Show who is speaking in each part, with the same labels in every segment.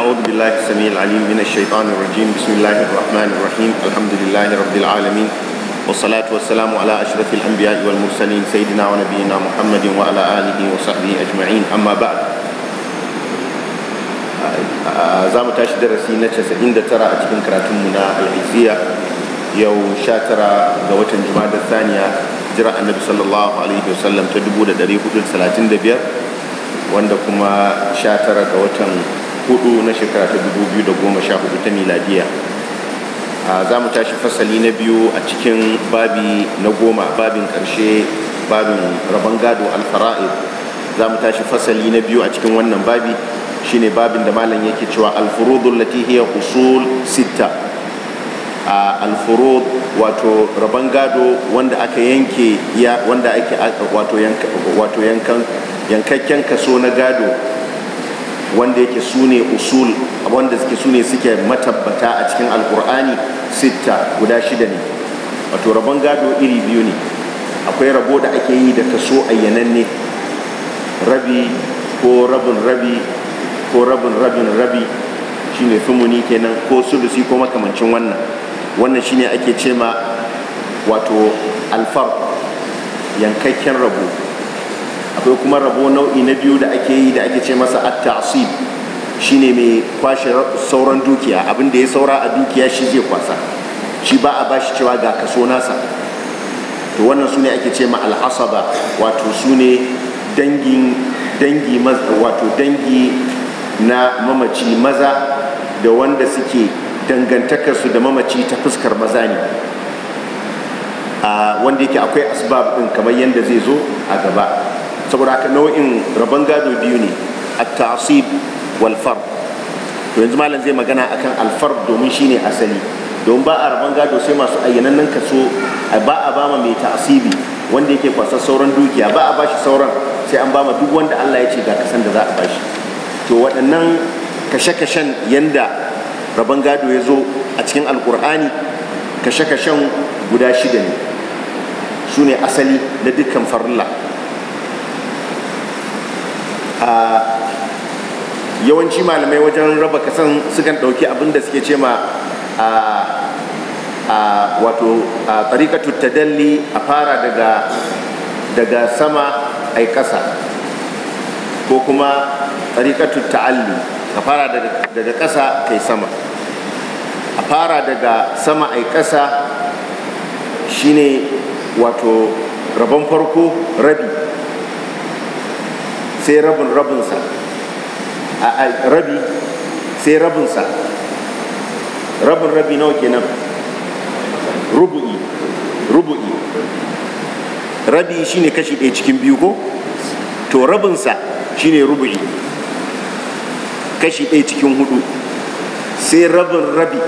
Speaker 1: أعوذ بالله السميع العليم من الشيطان الرجيم بسم الله الرحمن الرحيم الحمد لله رب العالمين والصلاة والسلام على أشرف الأنبياء والمرسلين سيدنا ونبينا محمد وعلى آله وصحبه أجمعين أما بعد za mu tashi darasi na 99 a cikin karatunmu na al'iziya yau 19 ga watan da saniya jira annabi sallallahu alaihi wasallam ta 1435 wanda kuma 19 ga watan hudu na shekara ta 2014 ta miladiya za mu tashi fasali na biyu a cikin babi na goma babin karshe babin rabon gado alfara'id za mu tashi fasali na biyu a cikin wannan babi shine babin da malam yake cewa alfurudun latihiyar usul sita. a alfurud wato rabon gado wanda aka yanke wanda ake wato yankakken kaso na gado wanda yake sune usul wanda suke sune suke matabbata a cikin alkur'ani sitta guda shida ne wato rabon gado iri biyu ne akwai rabo da ake yi da kaso ayyananne rabi ko rabin rabi ko rabin rabin rabi shine fimuni kenan ko sulusi ko makamancin wannan wannan shine ake ce ma wato alfar yankakken rabo akwai kuma rabo nau'i na biyu da ake yi da ake ce masa at-ta'sib shine mai kwashe sauran dukiya abin da ya saura a dukiya shi zai kwasa shi ba a bashi cewa ga kaso nasa to wannan su ne ake ce ma al'asaba wato su ne dangi wato dangi na mamaci maza da wanda suke dangantakarsu da mamaci ta fuskar maza ne wanda yake akwai asbab din kamar yadda zai zo a gaba saboda haka nau'in rabon gado biyu ne a tasib walfar to yanzu malam zai magana akan alfar fard domin shine asali don ba a rabon gado sai masu nan kaso ba a bama mai ta'asibi wanda yake kwasar sauran dukiya ba a bashi sauran sai an bama duk wanda Allah ya ce ga kasan da za a bashi to waɗannan kashe-kashen yanda rabon gado ya zo a cikin alkur'ani kashe-kashen guda shida ne su ne asali na dukkan farilla yawanci malamai wajen raba kasan sukan ɗauki abin da suke ce ma a wato a tsarikatu a fara daga sama ai ƙasa ko kuma tsarika tuttalli a fara daga ƙasa kai sama a fara daga sama ai ƙasa shine wato rabon farko rabi sai rabin rabinsa a rabi sai rabinsa rabin rabi nawa kenan rubu'i rubu'i rabi shine kashi ɗaya cikin biyu ko to rabinsa shine rubu'i kashi ɗaya cikin hudu sai rabin rabi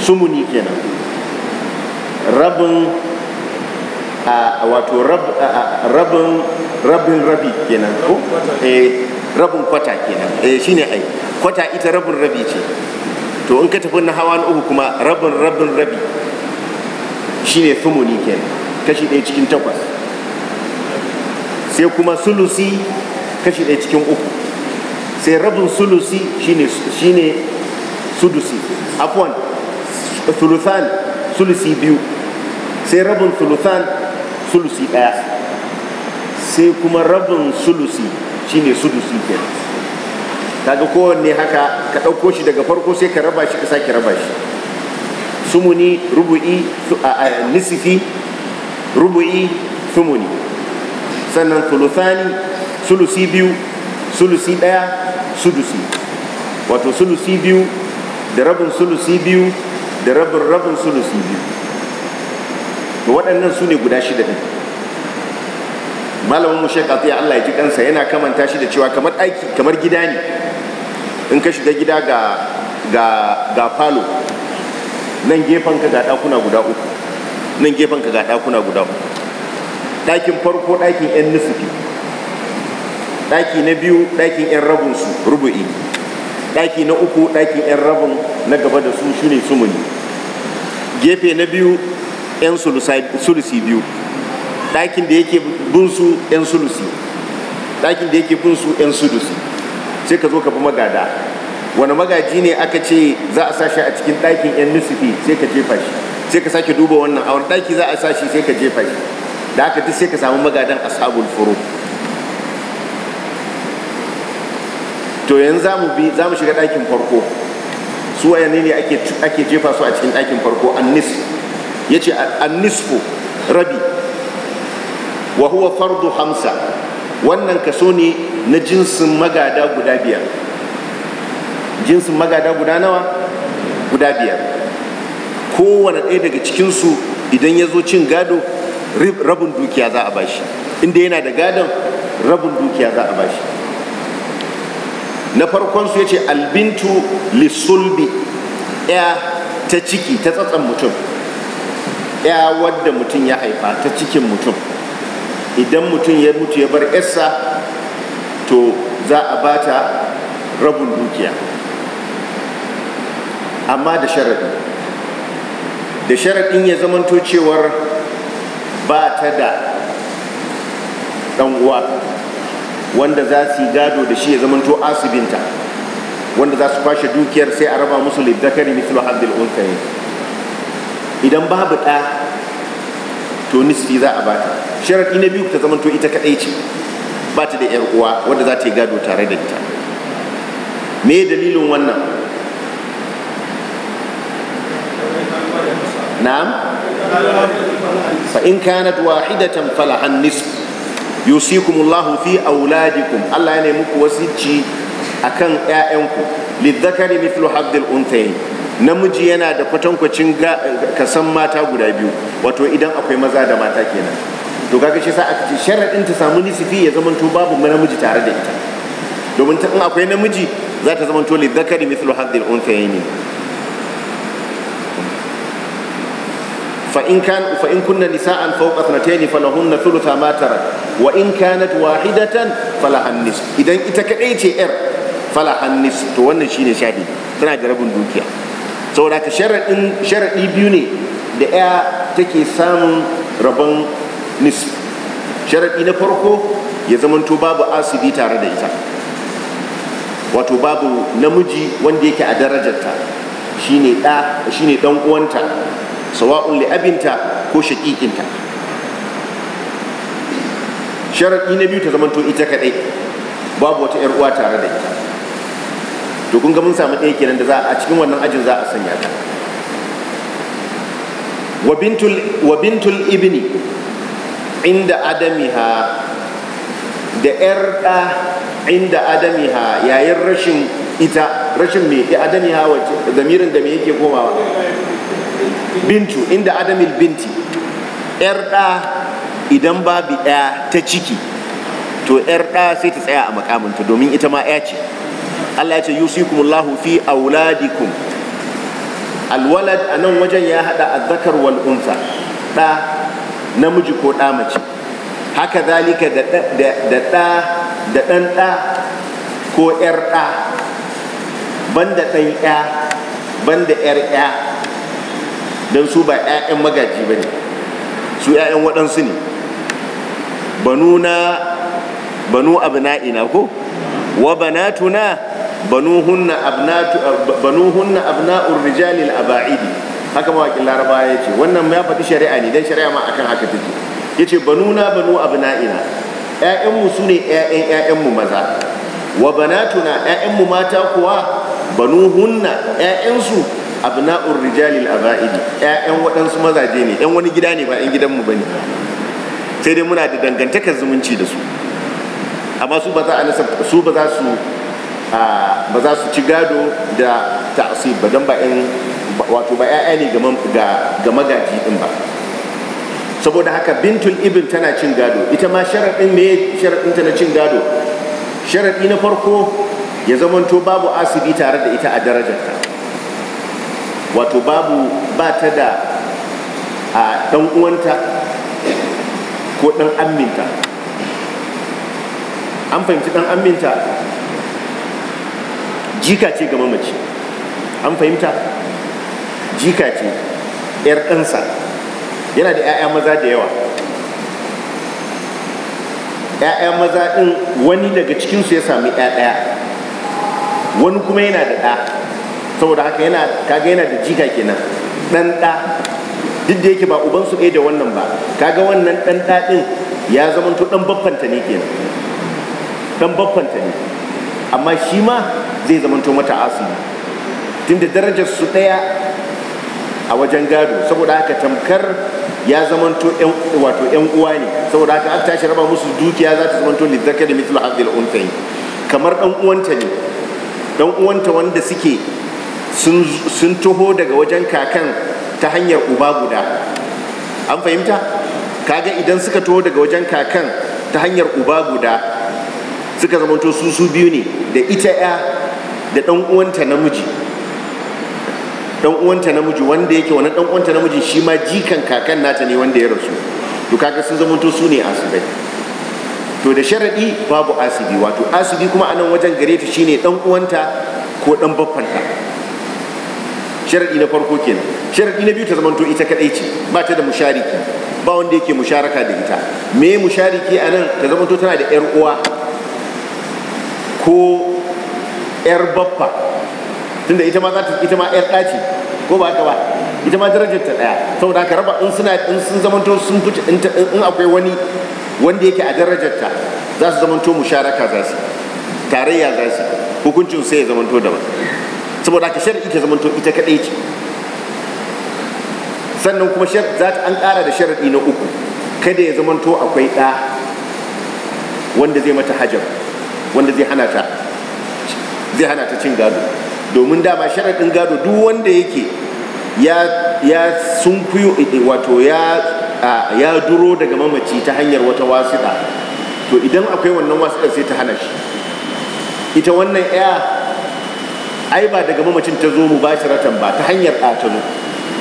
Speaker 1: sumuni kenan rabin a wato rabin rabin rabi kenan ko eh rabin kwata kenan eh shine ai kwata ita rabin rabi ce to in ka tafi na hawa na uku kuma rabin rabin rabi shine thumuni kenan kashi ɗaya cikin takwas sai kuma sulusi kashi ɗaya cikin uku sai rabin sulusi shine shine sudusi afwan sulusan sulusi biyu sai rabin sulusan sulusi ɗaya sai kuma rabin sulusi shine sulusi kenan kaga kowanne haka ka ɗauko shi daga farko sai ka raba shi ka sake raba shi sumuni rubu'i nisifi rubu'i sumuni sannan thuluthani sulusi biyu sulusi ɗaya sulusi wato sulusi biyu da rabin sulusi biyu da rabin rabin sulusi biyu waɗannan su ne guda shida ɗin malamin mushe shek ya Allah ya ji kansa yana kamanta shi da cewa kamar ɗaki kamar gida ne in ka shiga gida ga ga ga falo nan gefen ka ga ɗakuna guda uku nan gefen ka ga ɗakuna guda uku ɗakin farko ɗakin yan nufi ɗaki na biyu ɗakin yan rabin su rubu'i ɗaki na uku ɗakin yan rabin na gaba da su shine sumuni gefe na biyu 'yan sulusi biyu ɗakin da yake bunsu 'yan sulusi ɗakin da yake bunsu 'yan sulusi sai ka zo ka fi magada wani magaji ne aka ce za a sashi a cikin ɗakin 'yan nisifi sai ka jefa shi sai ka sake duba wannan a wani ɗaki za a sashi sai ka jefa shi da aka ta sai ka samu magadan ashabul furu to yanzu za mu bi za mu shiga ɗakin farko su wayanne ne ake jefa su a cikin ɗakin farko an nisifi ce an-nisfu rabi wa huwa fardu hamsa wannan kaso ne na jinsin magada guda biyar jinsin magada guda nawa guda biyar kowane ɗaya daga cikinsu idan ya zo cin gado rabin dukiya za a bashi inda yana da gadon rabin dukiya za a bashi na farkon su yace albintu lissulbi ya ta ciki ta tsatsan mutum ya wadda mutum ya haifa ta cikin mutum idan mutum ya mutu ya bar yarsa to za a ba ta rabin dukiya amma da sharaɗi da sharaɗin ya zamanto cewar ba ta da uwa wanda za su yi gado da shi ya zamanto asibinta wanda za su kwashe dukiyar sai a raba musu liddakari mislu hadil unsayin idan babu ɗa to nisfi za a bata sharaɗi na biyu ta zamanto ita kaɗai ce ba ta da yar uwa wadda za ta yi gado tare da ita me dalilin wannan na'am fa in kanat wahidatan falahan nisf yusikumullahu fi auladikum Allah ya ne muku wasici akan ƴaƴanku lidzakari mithlu haddil unthayayn namiji yana da kwatankwacin kasan mata guda biyu wato idan akwai maza da mata kenan to kaga shi sa aka ce sharaɗin ta samu nisifi ya to babu namiji tare da ita domin ta in akwai namiji za ta zamanto li zakari mithlu hadhil unthayni fa in kan fa in kunna nisa'an fawqa thnatayn falahunna thuluthu ma tara wa in kanat wahidatan falahan idan ita kadai ce yar falahan to wannan shine shahidi tana da rabin dukiya saboda ka sharaɗin sharaɗi biyu ne da ya take samun rabon nisu sharaɗi na farko ya zamanto babu asibi tare da ita wato babu namiji wanda yake a darajarta shi ne ɗan uwanta sawa'un li'abinta ko shaƙiƙinta sharaɗi na biyu ta zamanto ita kaɗai babu wata 'yar uwa tare da ita to kun ga mun samu ɗaya kenan da za a cikin wannan ajin za a sanya ta wa bintul ibni inda adamiha da yar ɗa inda adamiha yayin rashin ita rashin me adamiha wace zamirin da me yake komawa bintu inda adamil binti yar ɗa idan babu ɗaya ta ciki to yar ɗa sai ta tsaya a makaminta domin ita ma ya ce Allah ya ce yusikumullahu fi auladikum alwalad a nan wajen ya hada azzakar wal unsa Da namiji ko da mace haka zalika da da da dan da ko yar da banda dan ya banda yar ya don su ba ƴaƴan magaji bane su ƴaƴan waɗansu ne banuna banu abna'ina ko wa banatuna بنوهن abnatu الرجال abna'ur rijali al-aba'idi haka mawaƙin laraba ya ce wannan ya faɗi shari'a ne dan shari'a ma akan haka take yace banuna banu abna'ina ƴaƴanmu su ne ƴaƴan ƴaƴanmu maza wa banatuna ƴaƴanmu mata kuwa banuhunna ƴaƴansu abna'ur rijalil abaidi ƴaƴan waɗansu mazaje ne ƴan wani gida ne ba ƴan gidanmu bane sai dai muna da dangantakar zumunci da su amma su ba za su ba za su Ah, ba za su ci gado da ta'asib ba don ba in wato ba 'ya'ya ne ga magaji din ba saboda haka bintul ibn tana cin gado ita ma sharaɗin me sharaɗin ta na cin gado sharaɗi na farko ya zamanto babu asibi tare da ita a darajarta wato babu ba ta da a ɗan uwanta ko ɗan amminta an fahimci ɗan amminta jika ce ga mamaci an fahimta jika ce yar ɗansa yana da 'ya'ya maza da yawa 'ya'ya maza ɗin wani daga cikinsu ya sami 'ya'ya wani kuma yana da ɗa saboda haka yana kaga yana da jika kenan ɗan ɗa duk da yake ba ubansu ɗaya da wannan ba kaga wannan ɗan ɗa ɗin ya zamanto ɗan baffanta ne kenan ɗan baffanta ne amma shi ma zai zamanto mata tun tunda darajar su ɗaya a wajen gado saboda haka tamkar ya zamanto wato yan uwa ne saboda haka an tashi raba musu dukiya za ta zamanto lizzaka da mithlu hadhil unthayn kamar dan uwanta ne dan uwanta wanda suke sun taho daga wajen kakan ta hanyar uba guda an fahimta kaga idan suka taho daga wajen kakan ta hanyar uba guda suka zamanto su su biyu ne da ita ya da ɗan uwanta namiji ɗan uwanta namiji wanda yake wani ɗan uwanta namiji shi ma jikan kakan nata ne wanda ya rasu to kaga sun to su ne asibai to da sharaɗi babu asibi wato asibi kuma anan wajen gare ta shine ɗan uwanta ko ɗan baffanta sharadi na farko kenan Sharaɗi na biyu ta zamanto ita kadai ce ba ta da mushariki ba wanda yake musharaka da ita me mushariki nan ta zamanto tana da yar uwa ko yar baffa tunda ita ma za ta ita ma yar ɗaci ko ba haka ba ita ma darajar ta ɗaya saboda ka raba in suna in sun zamanto sun fice in akwai wani wanda yake a darajar ta za su zamanto musharaka za su tarayya za su hukuncin sai ya zamanto daban saboda ka shar'i ta zamanto ita kadai ce sannan kuma za ta an ƙara da sharaɗi na uku kada ya zamanto akwai ɗa wanda zai mata hajar wanda zai hana ta zai hana ta cin gado domin dama sharaɗin gado duk wanda yake ya sun wato ya duro daga mamaci ta hanyar wata wasiɗa to idan akwai wannan wasiɗa sai ta hana shi ita wannan ya ai ba daga mamacin ta zo mu ba ratan ba ta hanyar ɗatano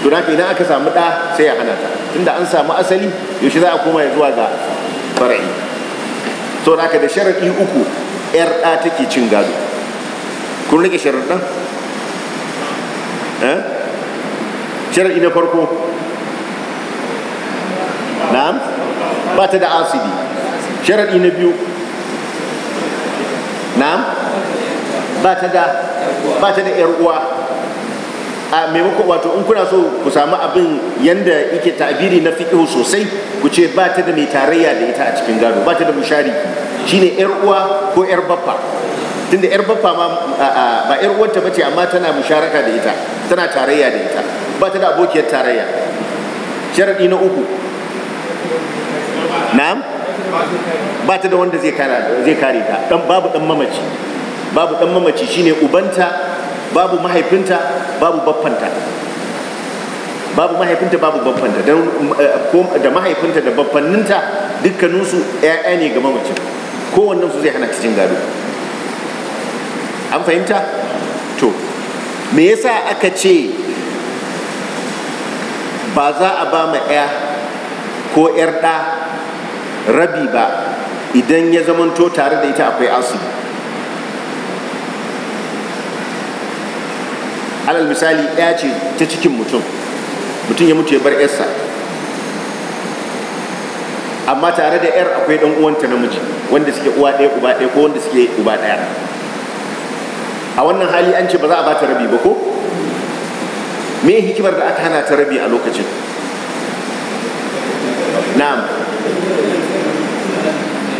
Speaker 1: to na idan aka samu ɗa sai ya hana ta tunda an samu asali yaushe za a koma ya zuwa ga fara'i saboda aka da sharaɗi uku 'yar ɗa take cin gado kun rike sharaɗin eh sharaɗi na farko na'am ba ta da asidi sharaɗi na biyu na'am ba ta da ba ta da yar uwa a maimakon wato in kuna so ku samu abin yanda yake tabiri na fiqhu sosai ku ce ba ta da mai tarayya da ita a cikin gado ba ta da mushariki shine yar uwa ko yar baffa tunda yar baffa ma ba yar uwarta bace amma tana musharaka da ita tana tarayya da ita ba ta da abokiyar tarayya sharadi na uku na'am ba ta da wanda zai kare ta dan babu dan mamaci babu dan mamaci shine ubanta babu mahaifinta babu baffanta babu mahaifinta babu baffanta eh, da mahaifinta da baffanninta dukkaninsu 'ya'ya ne ga mamacin kowannen su zai hana cikin gado an fahimta to me yasa aka ce ba za a ba ma 'ya ko 'yar ɗa rabi ba idan ya zamanto tare da ita akwai asibi alal misali ɗaya ce ta cikin mutum mutum ya mutu ya bar 'yarsa amma tare da 'yar akwai ɗan uwanta namiji wanda suke uwa ɗaya uba ɗaya ko wanda suke uba ɗaya a wannan hali an ce ba za a ta rabi ba ko me hikimar da aka hana ta rabi a lokacin na'am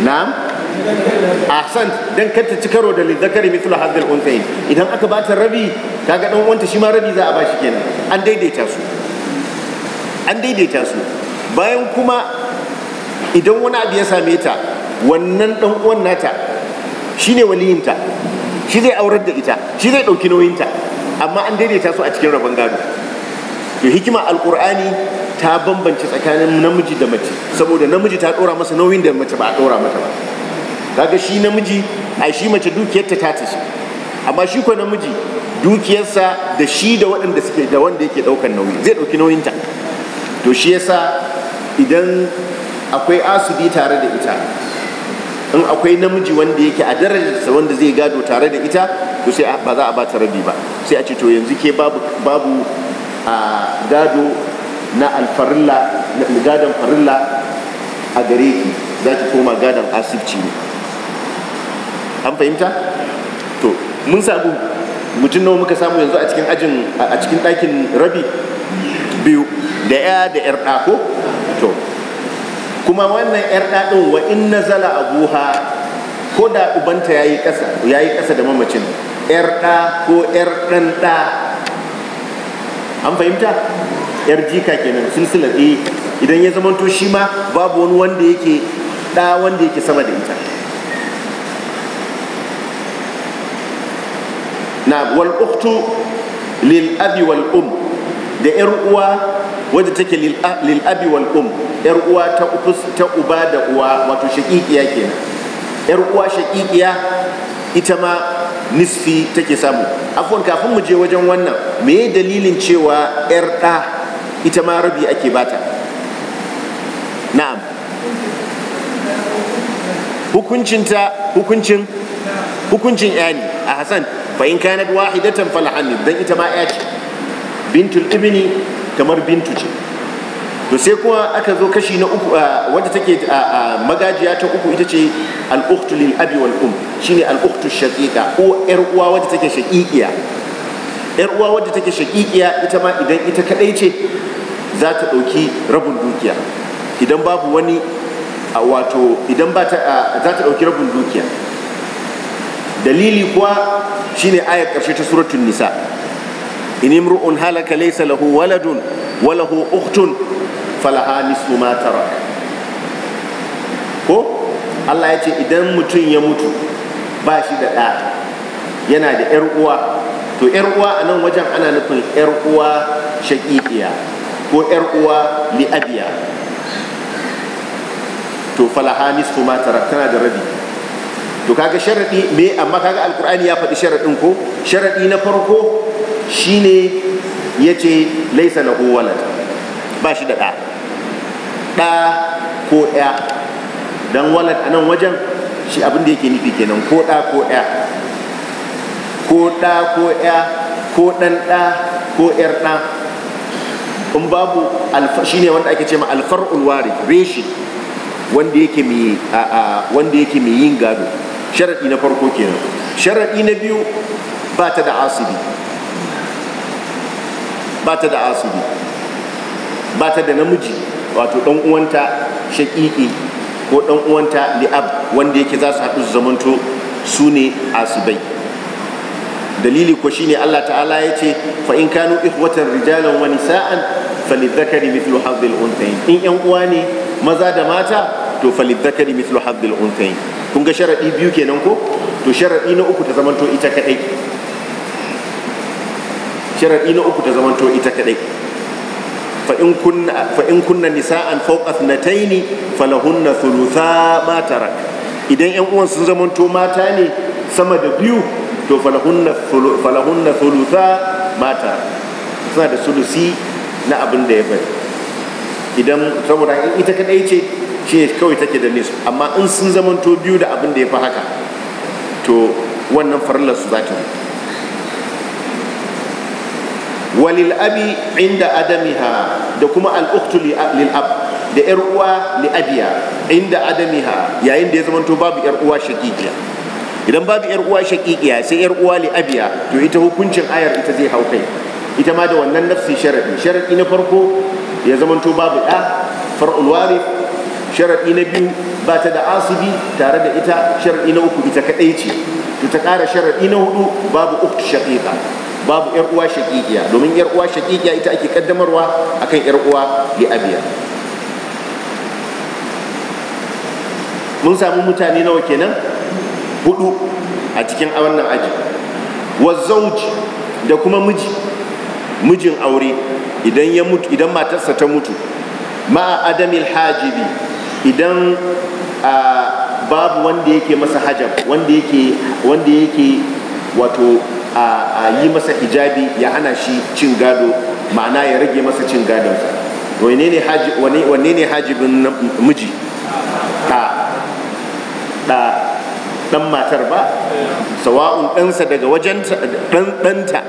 Speaker 1: na'am ahsan dan kanta ci karo da lidakari mithlu hadhil unthayn idan aka bata rabi kaga dan uwanta shi ma rabi za a bashi kenan an daidaita su an daidaita su bayan kuma idan wani abu ya same ta wannan dan uwan nata shine waliyinta shi zai aurar da ita shi zai ɗauki nauyinta amma an daidaita su a cikin rabon gado to hikima alkur'ani ta bambance tsakanin namiji da mace saboda namiji ta ɗora masa nauyin da mace ba a ɗora mata ba kaga shi namiji a shi mace dukiyarta ta tashi amma shi ko namiji dukiyarsa da shi da waɗanda suke da wanda yake ɗaukan nauyi zai ɗauki nauyinta to shi yasa idan akwai asubi tare da ita in akwai namiji wanda yake a darajarsa wanda zai gado tare da ita to sai ba za a ba rabi ba sai a ce to yanzu ke babu a gado na alfarilla gadon farilla a gare ki za ki koma gadon asibci ne an fahimta to mun sabu mutum nawa muka samu yanzu a cikin ajin a cikin ɗakin rabi biyu da ya da yar ɗako kuma wannan yar ɗaɗin wa in a guha ko da ubanta yayi ƙasa ƙasa da mamacin yar ɗa ko yar ɗan ɗa an fahimta yar jika kenan silsilar eh idan ya zamanto shi ma babu wani wanda yake ɗa wanda yake sama da ita na wal uktu lil abi wal um da yar uwa wadda take lil abi wal um yar uwa ta ta uba da uwa wato shaqiqiya kenan yar uwa shaqiqiya ita ma nisfi take samu afwan kafin mu je wajen wannan me dalilin cewa yar da ita ma rabi ake bata na'am hukuncinta hukuncin hukuncin ya ne a hasan fa in kanat wahidatan fal dan ita ma ya ce bintul ibni kamar bintu ce to sai kuma aka zo kashi na uku wadda take magajiya ta uku ita ce al-ukhtu lil abi wal um shine al-ukhtu shaqiqa ko yar uwa wadda take shaqiqiya yar uwa wadda take shaqiqiya ita ma idan ita kadai ce za ta dauki rabin dukiya idan babu wani wato idan ba ta za ta dauki rabin dukiya dalili kuwa shine ayar karshe ta suratul nisa in imru'un halaka laysa lahu waladun wa lahu ukhtun falaha nisfu ma tara ko Allah yace idan mutum ya mutu ba shi da ɗa yana da ‘yar uwa to ‘yar uwa a nan wajen ana nufin ‘yar uwa shaƙiƙiya ko ‘yar uwa li'abiya to falaha nisfu ma tara tana da rabi to kaga sharadi me amma kaga alkur'ani ya faɗi sharadin ko sharadi na farko Shi ne ya ce laisa na walad ba shi da ɗa ɗa ko ɗaya dan walad a nan wajen shi abin da yake nufi kenan ko ɗa ko ɗaya ko ɗa ko ɗaya ko ɗan ɗa ko ƴar ɗa in babu shi ne wanda ake ce ma alfar ulwari reshi wanda yake mai wanda yake mai yin gado sharaɗi na farko kenan sharaɗi na biyu ba ta da asibi ba ta da asibi ba ta da namiji wato ɗan uwanta shaƙiƙi ko ɗan uwanta li'ab wanda yake za su haɗu su zamanto su ne asibai dalili ko shine Allah ta'ala ya ce fa in kanu watan rijalan wa nisa'an falidhakari mithlu hadhil unthayn in yan uwa ne maza da mata to falidhakari mithlu hadhil unthayn kun ga sharadi biyu kenan ko to sharadi na uku ta zamanto ita kadai sharaɗi na uku ta zamanto ita kaɗai fa in kunna nisa'an na taini? falahunna thulutha matara. idan yan uwan sun zamanto mata ne sama da biyu to falahunna falahunna thulutha ma suna da sulusi na abin da ya bari idan saboda in ita kadai ce shi ne kawai take da nisu amma in sun zamanto biyu da abin da ya fi haka to wannan farillar su za ta walil abi inda adamiha da kuma al'uktu lil ab da yar uwa li abiya inda adamiha yayin da ya zamanto babu yar uwa shaqiqiya idan babu yar uwa shaqiqiya sai yar uwa li abiya to ita hukuncin ayar ita zai hau kai ita ma da wannan nafsi sharadi sharadi na farko ya zamanto babu da far'ul warith sharadi na biyu bata da asibi tare da ita sharaɗi na uku ita kaɗai ce ta ƙara sharaɗi na hudu babu uktu shaqiqa babu yar uwa shaqiqiya domin yar uwa shaqiqiya ita ake kaddamarwa akan yar uwa li abiya mun samu mutane nawa kenan hudu a cikin wannan aji wa zauji da kuma miji mijin aure idan ya mutu idan matarsa ta mutu ma adamil hajibi idan babu wanda yake masa hajab wanda yake wanda yake wato a yi masa hijabi ya hana shi cin gado ma'ana ya rage masa cin gado Wane ne hajibin miji ta da dan matar ba sawa'un ɗansa daga wajenta ɗanta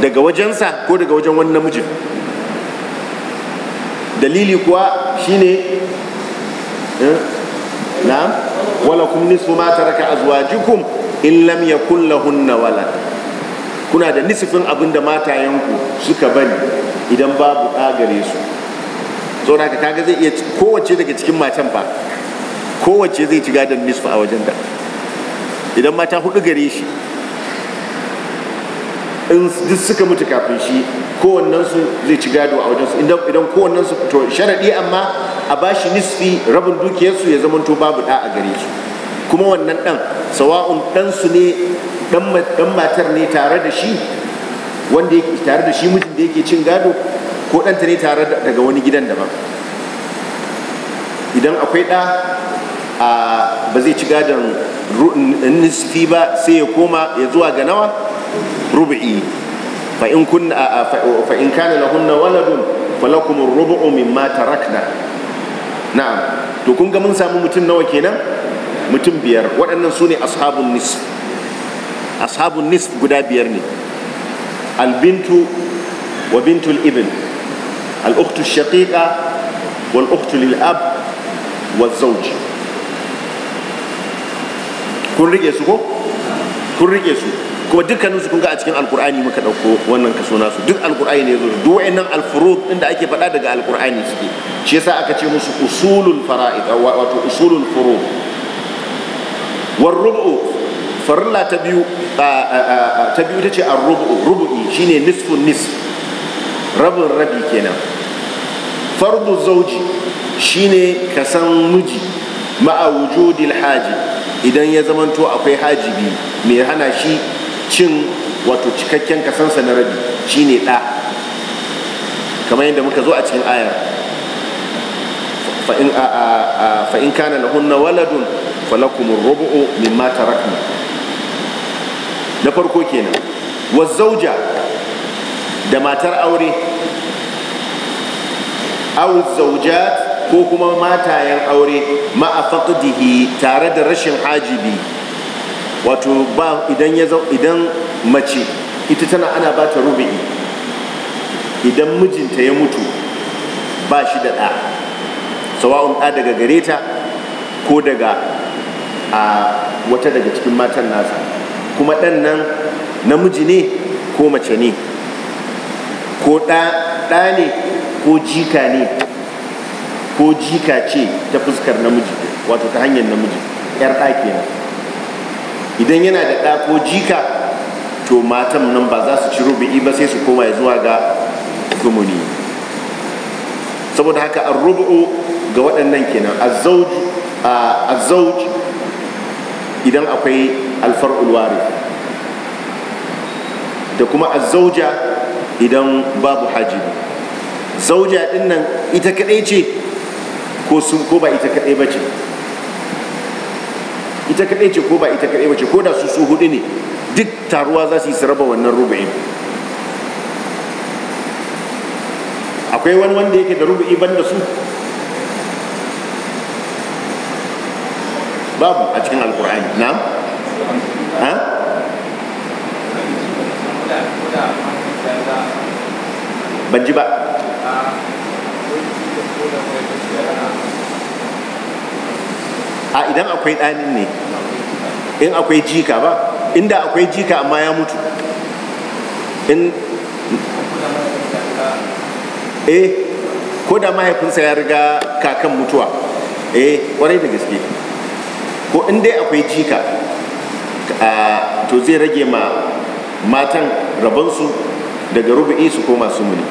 Speaker 1: daga wajensa ko daga wajen wani namijin dalili kuwa shine eh, na wala kum nisfu ma taraka jikun? in lam yakul lahunna walad kuna da nisifin abin da matayenku suka bari idan babu ɗa gare su zauna ka kaga zai iya kowace daga cikin matan fa kowace zai ci gadon nisfa a wajen da idan mata hudu gare shi in duk suka mutu kafin shi kowannensu zai ci gado a wajensu idan kowannensu to sharaɗi amma a ba shi nisfi rabin dukiyarsu ya zamanto babu ɗa a gare su kuma wannan ɗan sawa'un ɗansu ne Ɗan matar ne tare da shi wanda yake tare da shi mutum da yake cin gado ko ɗanta ne tare daga wani gidan daban idan akwai ɗa ba zai ci gadon nisfi ba sai ya koma ya zuwa ga nawa rubu'i na in kana lahunna waladun falakum rubu'u mimma tarakna na'am to kun ga mun samu mutum nawa kenan mutum biyar waɗannan su ne ashabun nisfi ashabun nisf guda biyar ne albintu wa bintul ibn al'uktu shaqiqa wal uktu lil ab wa zawj kun rike su ko kun rike su kuma dukkanin su kun ga a cikin alkur'ani muka dauko wannan kaso nasu duk alkur'ani ne zo duk wayannan alfurud din da ake faɗa daga alkur'ani suke shi yasa aka ce musu usulul fara'id wato usulul furud war rub'u farilla ta biyu ta biyu ta ce a rubu'i shine nisfun nis rabin rabi kenan fardu zauji shine ka san miji ma'a wujudil haji idan ya zamanto akwai haji biyu mai hana shi cin wato cikakken kasansa na rabi shine ɗa kamar yadda muka zo a cikin ayar fa'in kana hunna waladun falakumun rubu'u mata tarakna na farko kenan Was-Zauja da matar aure au zaujat ko kuma matayen aure ma'a tare da rashin hajibi wato ba idan ya idan mace ita tana ana ba ta rubi'i idan mijinta ya mutu ba shi da ɗa sawa'un ɗa daga gare ta ko daga a wata daga cikin matan nasa kuma ɗan nan namiji ne ko mace ne ko ɗa ne ko jika ne ko jika ce ta fuskar namiji wato ta hanyar namiji yar ɗa kenan idan yana da ɗa ko jika to matan nan ba za su ci rubu'i ba sai su koma zuwa ga gumuni saboda haka an rubu'u ga waɗannan kenan a azzauj idan akwai alfar'ul wari da kuma azauja idan babu haji zauja din nan ita kadai ce ko sun ko ba ita kadai bace ita kadai ce ko ba ita kadai bace ko da su su hudu ne duk taruwa za su yi su raba wannan rubu'in akwai wani wanda yake da rubu'i ban da su babu a cikin alkur'ani na ban ba a idan akwai ɗanin ne in akwai jika ba inda akwai jika amma ya mutu in eh ko da mahaifinsa ya riga kakan mutuwa eh kwarai da gaske ko in dai akwai jika to zai rage ma matan rabansu daga rubu'i su koma sumuni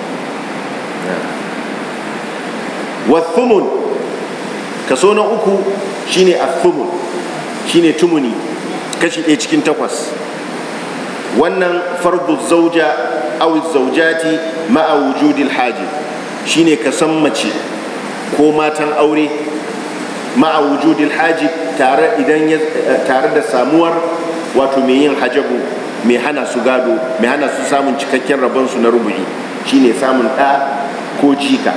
Speaker 1: wathumun kaso na uku shine athumun shine tumuni kashi ɗaya cikin takwas wannan fardu zauja awi zaujati ma'a wujudil haji shine kasan mace ko matan aure ma'a wujudil haji tare idan eh, tare da samuwar wato mai yin hajabu mai hana su gado mai hana su samun cikakken rabon su na rubu'i shine samun ɗa ko jika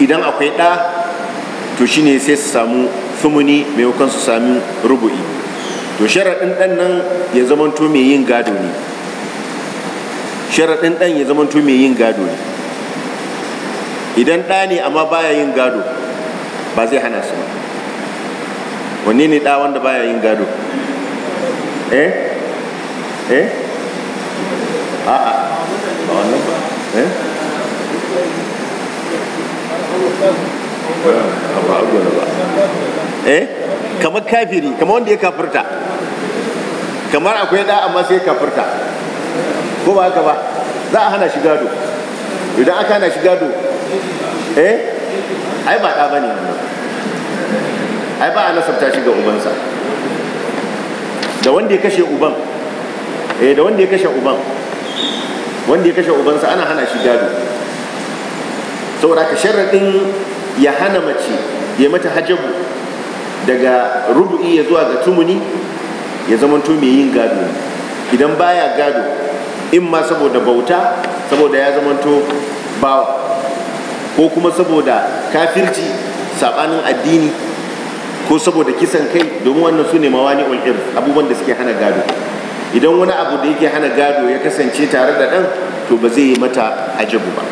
Speaker 1: idan akwai ɗa to shine sai su samu sumuni maimakon su sami rubu'i to sharaɗin ɗan nan ya zamanto mai yin gado ne sharaɗin ɗan ya zamanto mai yin gado ne idan ɗa ne amma baya yin gado ba zai hana su ba wanne ne ɗa wanda baya yin gado eh eh a'a ba wannan ba eh ba ba eh kamar kafiri kamar wanda ya kafirta kamar akwai da amma sai ka furta ko ba haka ba za a hana shi gado idan aka hana shi gado eh ai ba da bane wannan ai ba a nasabta shi ga ubansa da wanda ya kashe uban eh da wanda ya kashe uban wanda ya kashe ubansa ana hana shi gado saboda ka sharaɗin ya hana mace ya mata hajabu daga rubu'i ya zuwa ga tumuni ya zamanto mai yin gado idan baya gado in ma saboda bauta saboda ya to bawa ko kuma saboda kafirci sabanin addini ko saboda kisan kai domin wannan su ne mawani ul'ir abubuwan da suke hana gado idan wani abu da yake hana gado ya kasance tare da ɗan to ba zai yi mata ajabu ba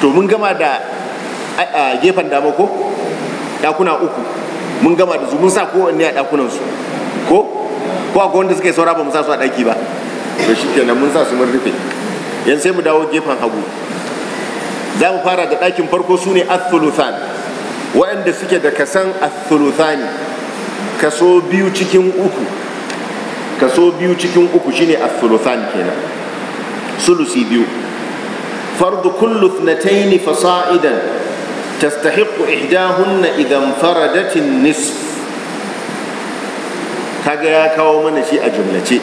Speaker 1: to mun gama da gefen dama ko kuna uku mun gama da su mun sa kowanne a dakunan su ko ko akwai wanda suka yi saura ba mu sa su a daki ba to shi kenan mun sa su mun rufe yan sai mu dawo gefen hagu za mu fara da dakin farko su ne athuluthan waɗanda suke da kasan athuluthani kaso biyu cikin uku kaso biyu cikin uku shine athuluthan kenan sulusi biyu fardu kullu ithnatayn fasa'idan tastahiqu ihdahunna idan faradatin nisf kaga ya kawo mana shi a jumlace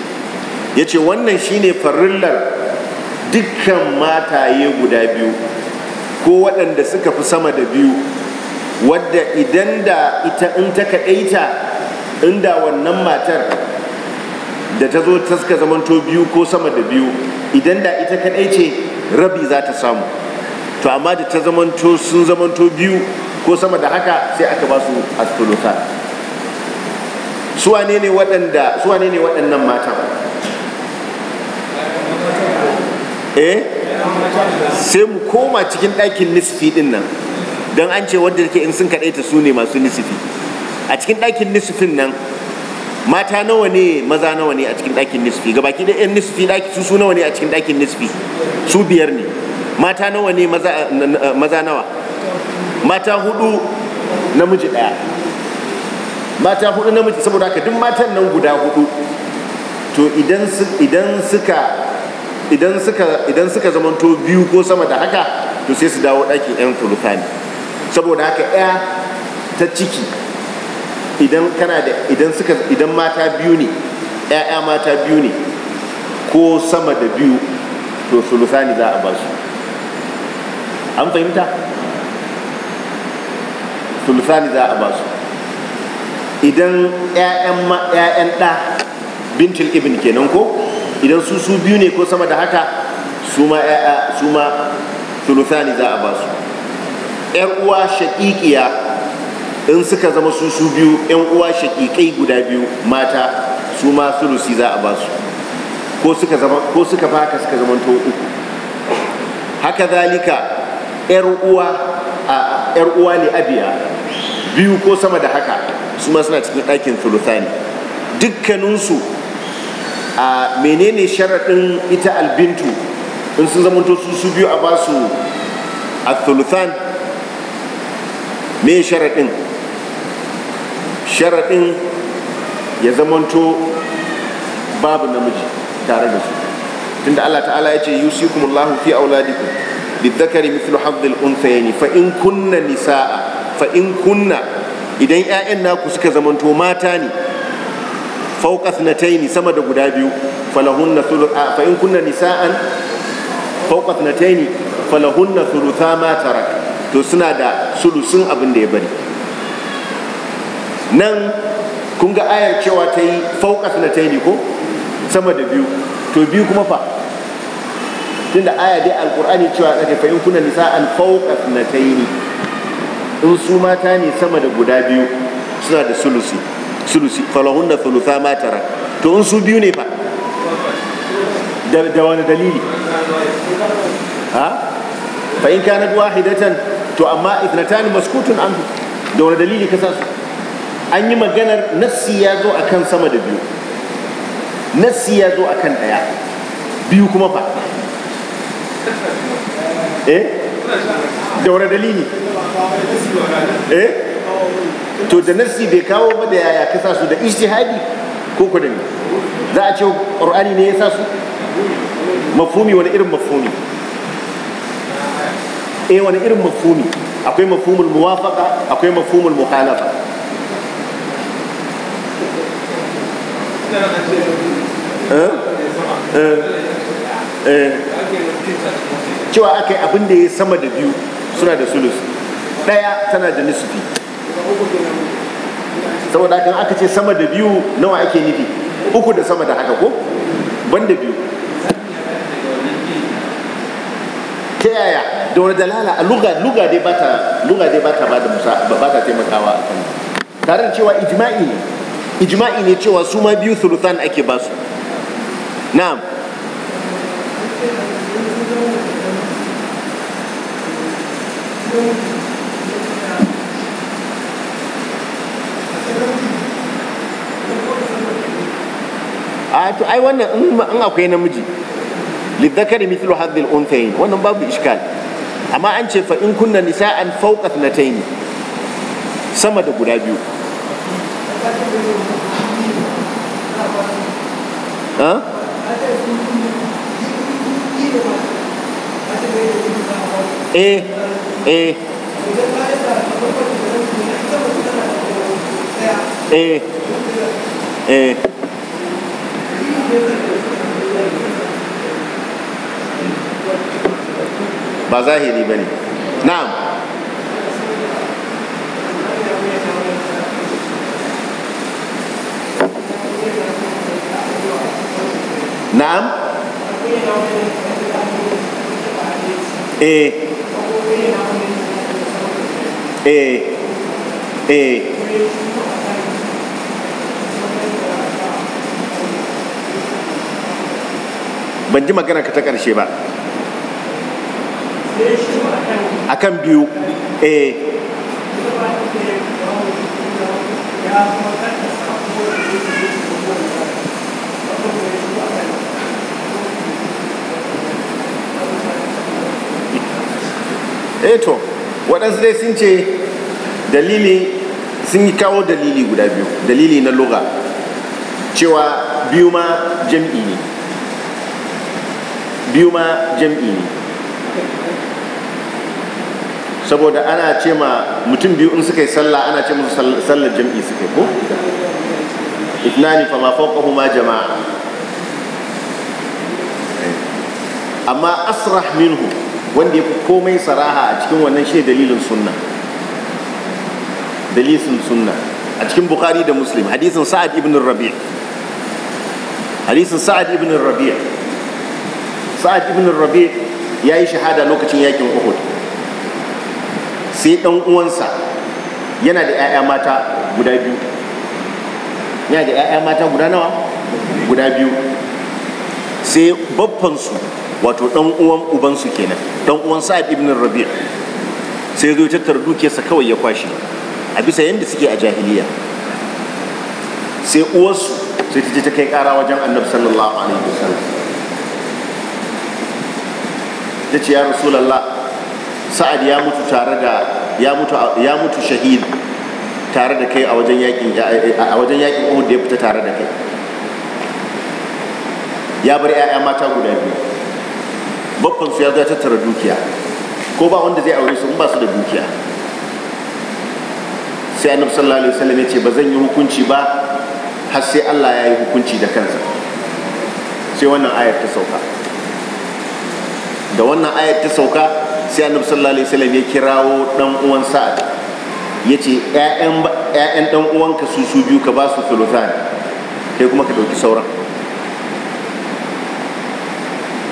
Speaker 1: yace wannan shine farillar dukkan mataye guda biyu ko waɗanda suka fi sama da biyu wadda idan da ita in ta kaɗaita inda wannan matar da ta zo ta zamanto biyu ko sama da biyu idan da ita kaɗai ce rabi za ta samu to amma da ta zamanto sun zamanto biyu ko sama da haka sai aka ba su astulusat su wane ne waɗanda ne waɗannan matan eh sai mu koma cikin ɗakin nisfi ɗin nan don an ce wadda take in sun kaɗaita su ne masu nisfi a cikin ɗakin nisfin nan mata nawa ne maza nawa ne a cikin ɗakin nisfi gabaki ɗaya ɗayan nisfi ɗaki su su nawa ne a cikin ɗakin nisfi su biyar ne mata nawa ne maza nawa mata hudu namiji daya mata hudu namiji saboda haka duk matan nan guda hudu to idan suka idan suka idan suka zamanto biyu ko sama da haka to sai su dawo ɗakin 'yan fulfani saboda haka ɗaya ta ciki idan kana da idan suka idan mata biyu ne 'ya'ya mata biyu ne ko sama da biyu to sulusani za a ba su an fahimta tulfani za a ba su idan 'ya'yan ɗa bintul ibn kenan ko idan su su biyu ne ko sama da haka su ma tulfani za a ba su ‘yan uwa shaƙiƙiya in suka zama su su biyu ‘yan uwa shaƙiƙai guda biyu mata su ma sulusi za a ba su ko suka fa haka suka zama to uku haka zalika 'yar uwa a ne abiya biyu ko sama da haka su ma suna cikin ɗakin thuluthani dukkaninsu a menene sharaɗin ita albintu in sun zamanto su su biyu a basu a thuluthan me sharaɗin sharaɗin ya zamanto babu namiji tare da su tunda Allah ta'ala ya ce yusikumullahu fi auladikum lidzakari mithlu hazzil unthayni fa in kunna nisaa fa in kunna idan 'ya'yan naku suka zamanto mata ne fauka thnataini sama da guda biyu falahunna thuluth fa in kunna nisaan fauka thnataini falahunna thulutha ma tarak to suna da sulusun abin da ya bari nan kun ga ayar cewa ta yi fauka thnataini ko sama da biyu to biyu kuma fa tunda aya dai alqur'ani cewa ake fa in kunna nisa'an fawqa thnatayn in su mata ne sama da guda biyu suna da sulusi sulusi falahunna thulutha ma tara to in su biyu ne fa da wani dalili ha fa in kanat wahidatan to amma ithnatani maskutun an da wani dalili ka su an yi maganar nassi ya zo akan sama da biyu nassi ya zo akan daya biyu kuma fa eh da wani dalili eh to da nassi bai kawo ba da yaya ka sa su da ijtihadi ko ku da za a ce qur'ani ne ya sa su mafhumi wani irin mafhumi eh wani irin mafhumi akwai mafhumul muwafaqa akwai mafhumul muhalafa eh eh eh cewa aka yi abin da ya sama da biyu suna da sulus ɗaya tana da nisfi saboda kan aka ce sama da biyu nawa ake nufi uku da sama da haka ko ban da biyu ta yaya da wani dalala a luga luga dai bata luga dai bata ba da musa ba ta taimakawa tare da cewa ijma'i ne ijma'i ne cewa su ma biyu sulutan ake basu na'am a to ai wannan in akwai namiji dhakari mithlu al unthayn wannan babu iskal amma an ce fa in kunna nisa'an fawqa thnatayn sama da guda biyu eh eh eh eh ba zahiri ba ne na'am na'am eh eh eh ban ji magana ka ta ƙarshe ba kan biyu eh eto eh, waɗansu dai sun ce dalili sun yi kawo dalili guda biyu dalili na lura cewa biyu ma jam'i ne biyu ma jam'i ne saboda ana ce ma mutum biyu in suka yi sallah ana ce musu sallar jam'i suka ko fama fa ma jama'a amma asrah minhu wanda ya fi komai saraha a cikin wannan shi dalilin sunna dalilin sunna a cikin bukhari da muslim hadisin sa'ad ibn rabi'a hadisin sa'ad ibn rabi'a sa'ad ibn rabi'a ya yi shahada lokacin yakin uhud sai dan uwansa yana da 'ya'ya mata guda biyu yana da 'ya'ya mata guda nawa guda biyu sai babbansu wato dan uwan ubansu kenan dan uwan sa'ad ibn rabi' sai zo tattara dukiyarsa kawai ya kwashe a bisa yadda suke a jahiliya sai uwarsu sai ta je ta kai kara wajen annabi sallallahu alaihi wasallam ta ce ya rasulullah sa'ad ya mutu tare da ya mutu ya mutu shahid tare da kai a wajen yakin a wajen yakin Uhud da ya fita tare da kai ya bar 'ya'ya mata guda biyu babban su ya zo ya tattara dukiya ko ba wanda zai aure su in ba su da dukiya sai annabi sallallahu alaihi wasallam ya ce ba zan yi hukunci ba har sai Allah ya yi hukunci da kansa sai wannan ayar ta sauka da wannan ayar ta sauka sai annabi sallallahu alaihi wasallam ya kirawo dan uwan sa'ad ya ce ƴaƴan dan uwanka su su biyu ka ba su kai kuma ka ɗauki sauran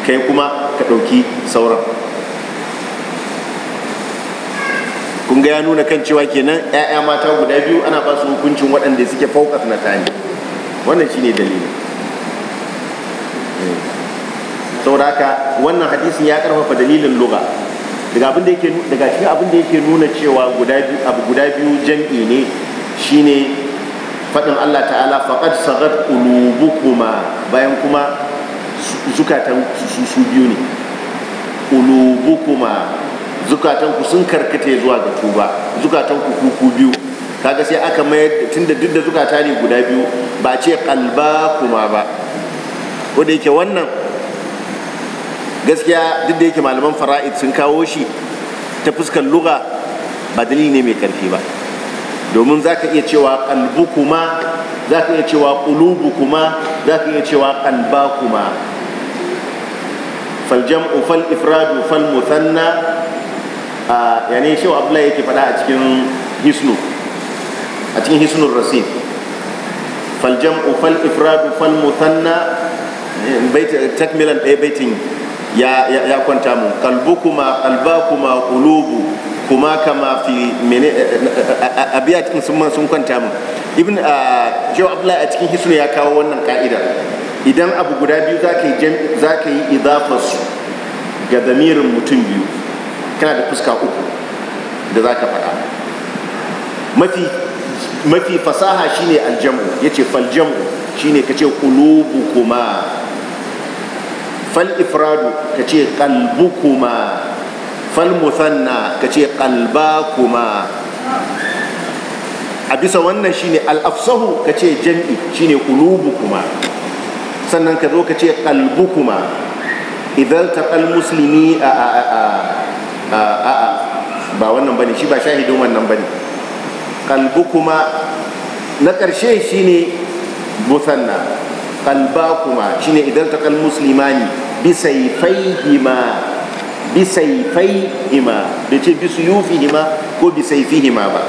Speaker 1: kai kuma ka ɗauki sauran kun ga ya nuna kan cewa kenan 'ya'ya mata guda biyu ana ba su hukuncin waɗanda suke faukas na tani wannan shine dalilin saboda haka wannan hadisin ya karfafa dalilin luga daga abin da yake daga cikin abin da yake nuna cewa guda biyu abu guda biyu jam'i ne shine faɗin Allah ta'ala faqad sagat qulubukuma bayan kuma zukatan su su biyu ne kuma zukatan ku sun karkata zuwa ga tuba zukatan ku kuku biyu kaga sai aka mayar tunda duk da zukata ne guda biyu ba ce kalba kuma ba wanda yake wannan gaskiya duk da yake malaman fara'id sun kawo shi ta fuskar luga ba dalili ne mai karfi ba domin za ka iya cewa kalbu kuma za ka iya cewa ƙulubu kuma za ka iya cewa kalba kuma faljam'u fal ifradu fal musanna yani shehu abdullahi yake faɗa a cikin hisnu a cikin hisnun rasid faljam'u fal ifradu fal musanna takmilan baitin ya kwanta mu kalbukuma albakuma qulubu kuma kama fi mene abiyat sun sun kwanta mu ibn shehu a cikin hisnu ya kawo wannan ka'idar idan abu guda biyu za ka yi idafarsu ga zamirin mutum biyu kana da fuska uku da za ka faɗa mafi fasaha shine aljamu ya ce faljamu shine ka ce kulubu kuma fal ifradu ka ce kalbu kuma fal musanna ka ce kalba kuma a bisa wannan shine al-afsahu ka ce jam'i shine kulubu kuma sannan ka zo ka ce qalbukuma idan taqal musulmi a a a a ba wannan bane shi ba shahidin wannan bane qalbukuma na ƙarshe shine musanna shi shine idan taqal muslimani bisayfaihima bisayfaihima da ce hima ko bisayfihima ba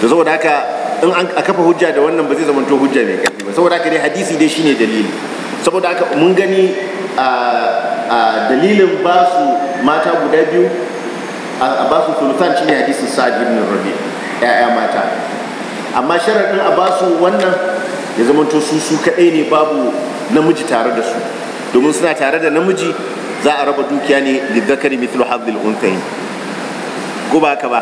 Speaker 1: da hmm. saboda haka in an a kafa hujja da wannan ba zai zama hujja mai karfi ba saboda haka dai hadisi dai shine dalili saboda haka mun gani a dalilin ba su mata guda biyu a ba su sultan shine hadisin sa'ad ibn rabi ya'ya mata amma sharaɗin a ba su wannan ya zama su su kaɗai ne babu namiji tare da su domin suna tare da namiji za a raba dukiya ne da zakari mithlu hadhil unthayn ko ba ka ba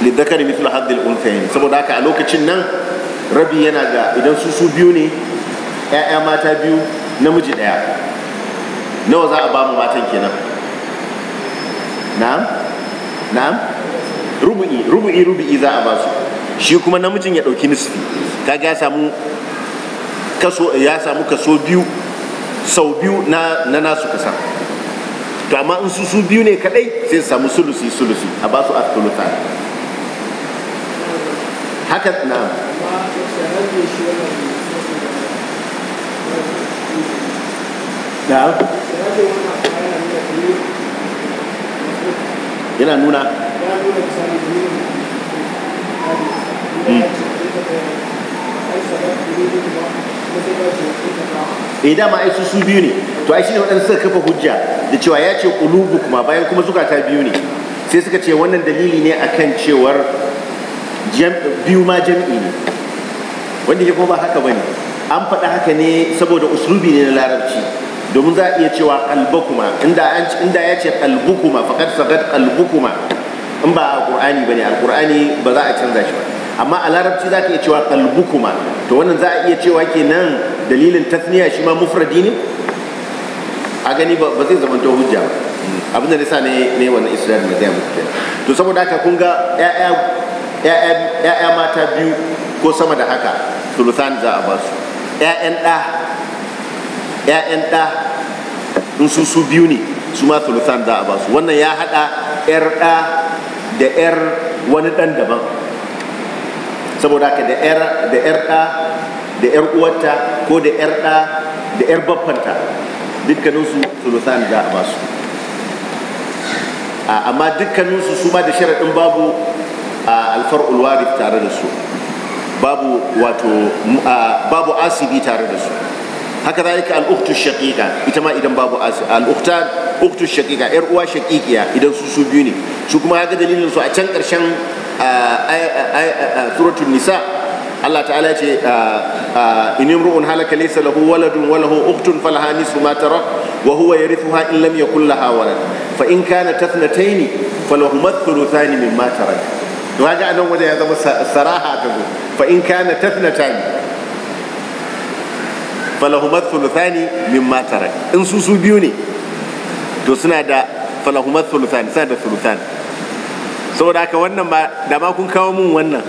Speaker 1: lidhakari mithlu haddil unthayn saboda haka a lokacin nan rabi yana ga idan su su biyu ne ƴaƴa mata biyu namiji ɗaya nawa za a ba mu matan kenan na'am na'am rubu'i rubu'i rubu'i za a ba su shi kuma namijin ya ɗauki nisfi kaga ya samu kaso ya samu kaso biyu sau biyu na na nasu kasa to amma in su su biyu ne kadai sai samu sulusi sulusi a ba su athulutan haka na da yana nuna hmm. eh dama ai su biyu ne to ai shine waɗanda suka kafa hujja da cewa ya ce ƙulubu kuma bayan kuma zukata biyu ne sai suka ce wannan dalili ne akan cewar biyu ma jam'i ne wanda ya kuma ba haka bane an faɗa haka ne saboda usulubi ne na larabci domin za a iya cewa albukuma inda an inda ya ce kalbukuma faqad sagat kalbukuma in ba alqur'ani bane alqur'ani ba za a canza shi ba amma a larabci za ka iya cewa kalbukuma to wannan za a iya cewa kenan dalilin tasniya shi ma mufradi ne a gani ba zai zama to hujja ba abin da nisa ne ne wannan isra'il mai zai mutu to saboda haka kun ga 'ya'ya 'ya'ya mata biyu ko sama da haka sulutan za a ba su 'ya'yan ɗa 'ya'yan ɗa in su su biyu ne su ma sulutan za a ba su wannan ya haɗa 'yar ɗa da 'yar wani ɗan daban saboda haka da 'yar ɗa da 'yar uwarta ko da 'yar ɗa da 'yar baffanta dukkaninsu sulutan za a ba su amma dukkaninsu su ma da sharaɗin babu alfar'ul warif tare da su babu wato babu asibi tare da su haka zalika ka ukhtu shaƙiƙa ita ma idan babu al-ukhtan ukhtu yar uwa shaƙiƙiya idan su su biyu ne su kuma ga dalilin su a can karshen suratul nisa Allah ta'ala ce in imru'un halaka laysa lahu waladun wa lahu ukhtun falaha nisfu ma tarak wa huwa yarithuha in lam yakul laha walad fa in kana tathnatayn falahuma thuluthani mimma tarak to kaga anan wanda ya zama saraha ta zo fa in kana tafnatan falahuma thuluthani mimma tarak in su su biyu ne to suna da falahuma thuluthani suna da thuluthani saboda haka wannan ba da ma kun kawo min wannan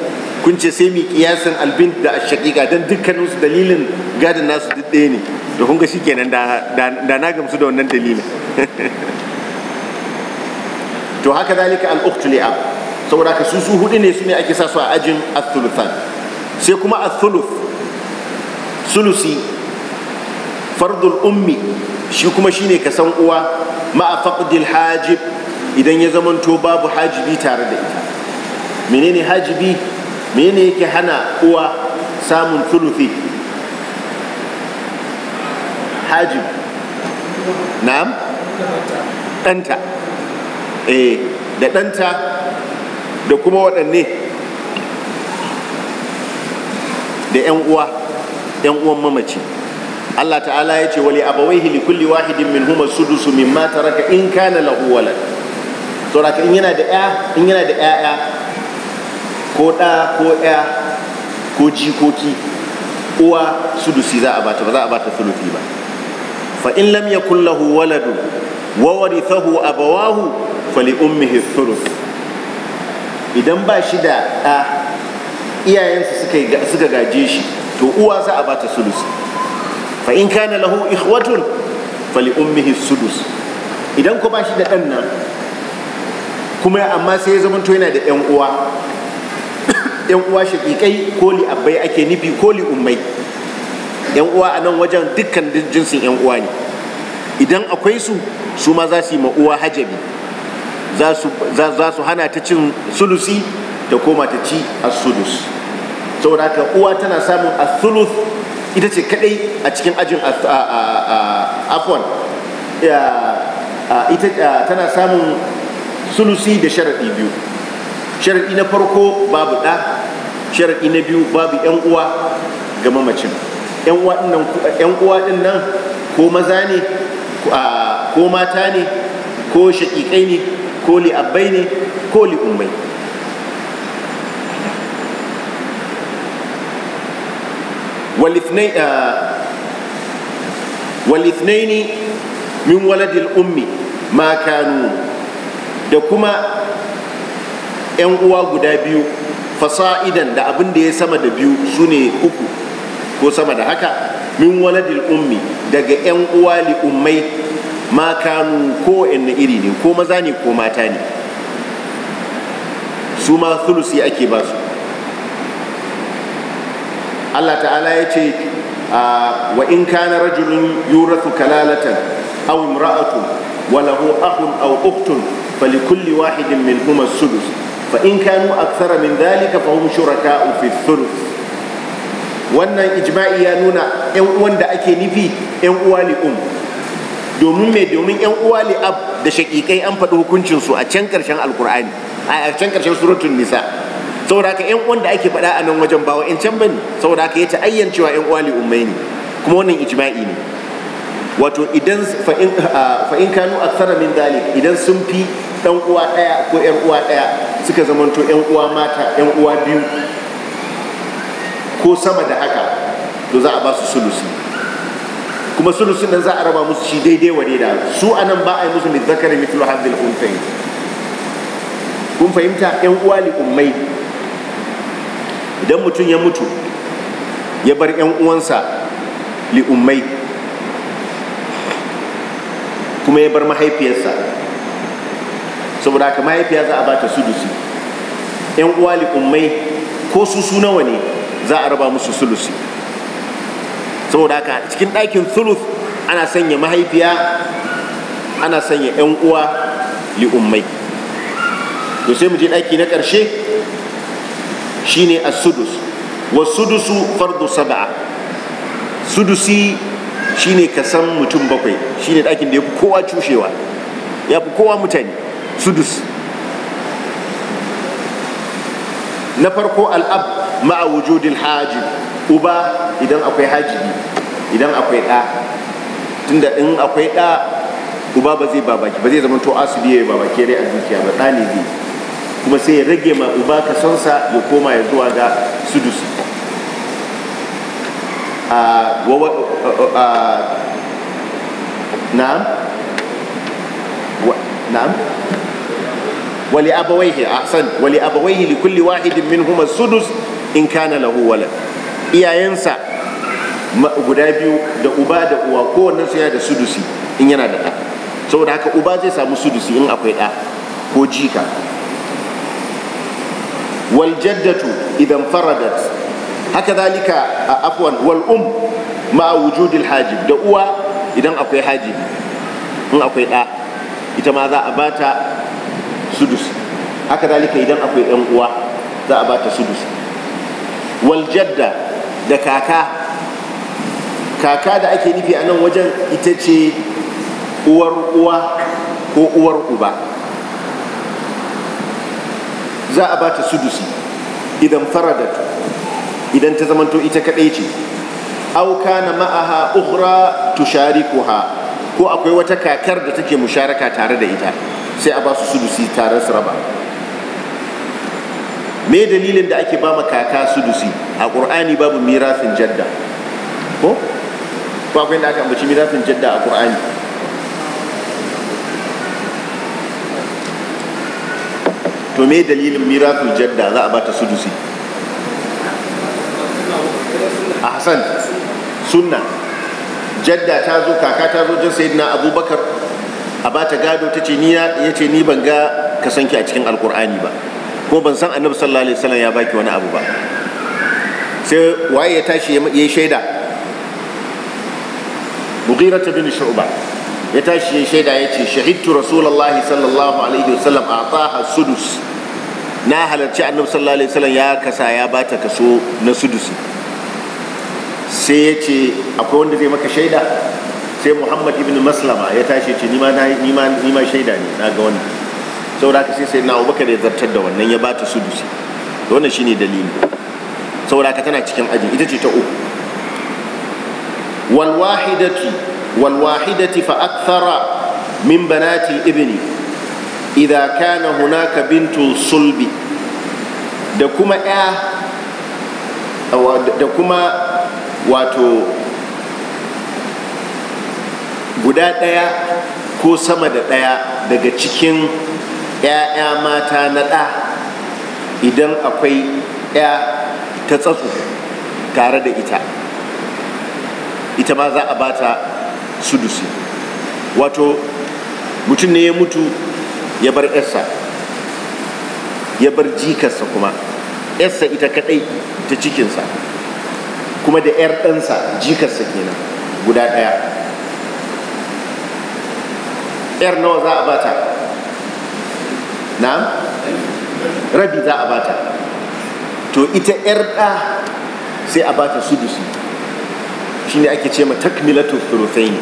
Speaker 1: kun ce sai mu kiyasin albin da ashaqiqa dan dukkanin su dalilin gadin nasu duk ɗaya ne to kun ga shikenan da da na gamsu da wannan dalilin to haka zalika al-ukhtu li'ab saboda ka su su hudu ne su ne ake sa su a ajin athuluthan sai kuma athuluth sulusi fardul ummi shi kuma shine ka san uwa ma'a faqdil hajib idan ya zamanto babu hajibi tare da ita menene hajibi menene yake hana uwa samun thuluthi hajib na'am ɗanta eh da ɗanta da kuma waɗanne da 'yan uwa 'yan uwan mamaci Allah ta'ala ya ce wali abawaihi li kulli wahidin min huma sudusu ma taraka in kana lahu walad to raka in yana da ya in yana da ya'ya ko ɗa ko ya ko jikoki uwa sudusi za a bata ba za a bata sulufi ba fa in lam yakul lahu waladun wa warithahu abawahu fali ummihi thuluth idan ba shi da ɗa iyayensa suka gaje shi to uwa za a bata sulus fa in kana lahu ikhwatun fali ummihi sudus idan ko ba shi da ɗan nan kuma amma sai ya to yana da ƴan uwa ƴan uwa shaƙiƙai ko li abbai ake nufi ko li ummai ƴan uwa a nan wajen dukkan jinsin ƴan uwa ne idan akwai su su ma za su yi ma uwa hajabi za su hana ta cin sulusi ta koma ta ci a sulus saboda haka uwa tana samun a sulus ita ce kadai a cikin ajin afon ita tana samun sulusi da sharaɗi biyu sharaɗi na farko babu ɗa sharaɗi na biyu babu 'yan uwa ga mamacin 'yan uwa ɗin nan ko maza ne ko mata ne ko shaƙiƙai ne ko li abbai ne ko li walifnai ah, ne min waladil ummi ma kanu da kuma yan uwa guda biyu fasa'idan da abin da ya sama da biyu su ne uku ko sama da haka min waladil ummi daga yan uwa li ummai Makanu kanu ko inna iri ne ko maza ne ko mata ne su ma thulusi ake ba su Allah ta'ala ya ce wa in kana rajulun yurathu kalalatan aw imra'atu wa lahu akhun aw ukhtun kulli wahidin min as-sudus fa in kanu akthara min dhalika fa hum shuraka'u fi thuluth wannan ijma'i ya nuna yan uwan da ake nufi yan uwa li um domin mai domin yan uwa li'ab da shaƙiƙai an faɗi hukuncin su a can ƙarshen alkur'ani a can karshen suratun nisa saboda haka yan uwan da ake faɗa a nan wajen bawa yan can bane saboda haka yace ta ayyan cewa yan uwa ummai ne kuma wannan ijma'i ne wato idan fa in kanu aksara min dalik idan sun fi dan uwa daya ko yan uwa daya suka zamanto yan uwa mata yan uwa biyu ko sama da haka to za a ba su sulusi kuma sulusun nan za a raba musu shi daidai wa da su anan ba a yi musu lizzakari mithlu hadhil kunfai kun fahimta yan uwa li idan mutum ya mutu ya bar yan uwansa li ummai kuma ya bar mahaifiyarsa saboda haka mahaifiya za a bata sulusi yan uwa li ko su su nawa ne za a raba musu sulusi saboda haka cikin ɗakin sulus ana sanya mahaifiya ana sanya 'yan uwa li'ummai to sai mu je ɗaki na ƙarshe shine as-sudus wa sudusu fardu sab'a sudusi shine kasan mutum bakwai shine ɗakin da ya fi kowa cushewa ya fi kowa mutane sudus na farko al'ab ma'a wujudil hajib uba idan akwai hajibi idan akwai ɗa tunda in akwai ɗa uba ba zai babaki ba zai zama to asibi ya babaki dai a dukiya ba ɗa ne zai kuma sai ya rage ma uba ka kasonsa ya koma ya zuwa ga sudusi na'am na'am wali abawaihi ahsan wali abawaihi li kulli wahidin as sudus in kana lahu walad iyayensa guda biyu da uba da uwa kowannen su yana da sudusi in yana da ɗa saboda haka uba zai samu sudusi in akwai ɗa ko jika wal jaddatu idan faradat haka zalika a afwan wal um ma wujudil hajib da uwa idan akwai hajib in akwai ɗa ita ma za a bata sudusi haka zalika idan akwai ɗan uwa za a bata sudusi wal jadda da kaka kaka da ake nufi a nan wajen ita ce uwar uwa ko uwar uba za a ba ta sudusi idan faradat idan ta zamanto ita kaɗai ce auka na ma'aha ukhra tusharikuha ko akwai wata kakar da take musharaka tare da ita sai a ba su sudusi tare su raba me dalilin da ake ba ma kaka sudusi a ƙur'ani babu mirafin jadda ko babu akwai aka ambaci mirafin jadda a ƙur'ani to me dalilin mirafin jadda za a ba ta sudusi a Hassan, sunna jadda ta zo kaka ta zo jin sayidina abubakar a ba ta gado ta ce ni ya ce ni ban ga kasanki a cikin alƙur'ani ba ko ban san annabi sallallahu alaihi wasallam ya baki wani abu ba sai waye ya tashi ya shaida mughira bin shu'ba ya tashi ya shaida ya ce shahidtu rasulullahi sallallahu alaihi wasallam ataha sudus na halarci annabi sallallahu alaihi wasallam ya kasa ya bata kaso na sudusi sai ya ce akwai wanda zai maka shaida sai muhammad ibn maslama ya tashi ce ni ma shaida ne na ga wannan saboda haka sai sai na abubakar ya zartar da wannan ya ba bata sudusi da wannan shine dalili saboda tana cikin aji ita ce ta uku wal wahidati wal fa akthara min banati ibni idha kana hunaka bintu sulbi da kuma ya da kuma wato guda ɗaya ko sama da ɗaya daga cikin 'ya'ya mata na ɗa idan akwai 'ya ta tsatsu tare da ita ita ma za a bata sudusi wato mutum ne ya mutu ya bar 'yarsa ya bar jikarsa kuma 'yarsa ita kadai ta cikinsa kuma da 'yar ɗansa jikarsa kenan guda ɗaya 'yar nawa za a bata na'am rabi za a bata to ita yar ɗa sai a bata su shi shine ake ce ma takmilatu thuluthaini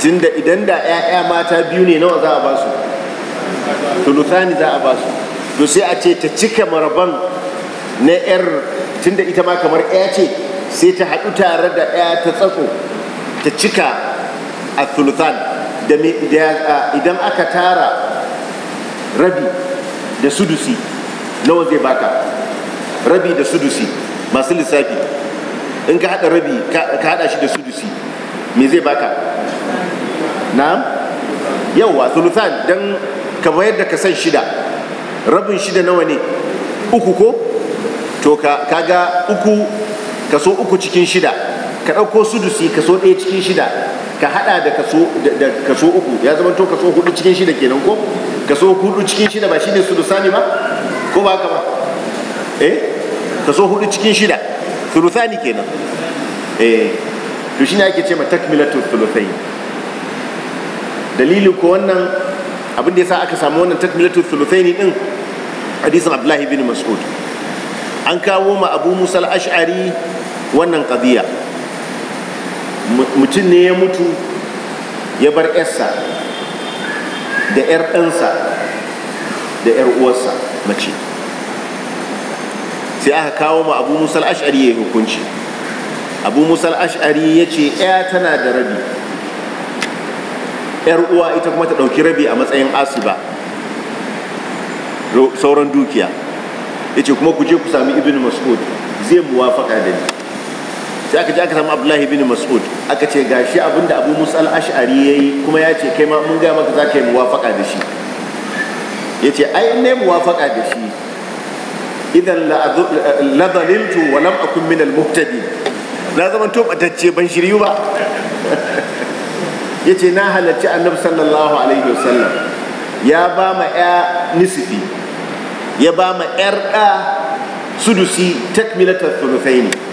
Speaker 1: tunda idan da 'ya'ya mata biyu ne nawa za a ba su thuluthani za a ba su to sai a ce ta cika maraban na yar tunda ita ma kamar 'ya ce sai ta haɗu tare da 'ya ta tsako ta cika a thuluthan idan aka tara rabi da sudusi nawa zai baka rabi da sudusi masu lissafi in ka hada rabi ka hada shi da sudusi me zai baka na a sulutan don ka bayar da kasan shida rabin shida nawa ne uku ko to ka ga uku kaso uku cikin shida ka ɗauko sudusi kaso ɗaya cikin shida ka hada da kaso da kaso uku ya zama to kaso hudu cikin shida kenan ko kaso hudu cikin shida ba shine sulusani ba ko ba haka ba eh kaso hudu cikin shida sulusani kenan eh to shine ake ce ma takmilatul sulusain dalilin ko wannan abin da yasa aka samu wannan takmilatul ne din hadisin abdullahi bin mas'ud an kawo ma abu musal ashari wannan qadiya mutum ne ya mutu ya bar yarsa da yar ɗansa da yar uwarsa mace sai aka kawo ma abu musal ash'ari ya yi hukunci abu musal ash'ari ya ce ya tana da rabi yar uwa ita kuma ta ɗauki rabi a matsayin asiba sauran dukiya ya ce kuma ku je ku sami ibn mas'ud zai muwafaka da ni sai aka je aka samu abdullahi bin mas'ud aka ce gashi abinda abu musa al-ash'ari yayi kuma ya ce kai ma mun ga maka zaka yi muwafaka da shi yace ai in ne muwafaka da shi idan la dhalaltu wa lam akun min al-muhtadin na zama to batacce ban shiryu ba yace na halarci annabi sallallahu alaihi wasallam ya ba ma ya nisfi ya ba ma yar da sudusi takmilatul thuluthaini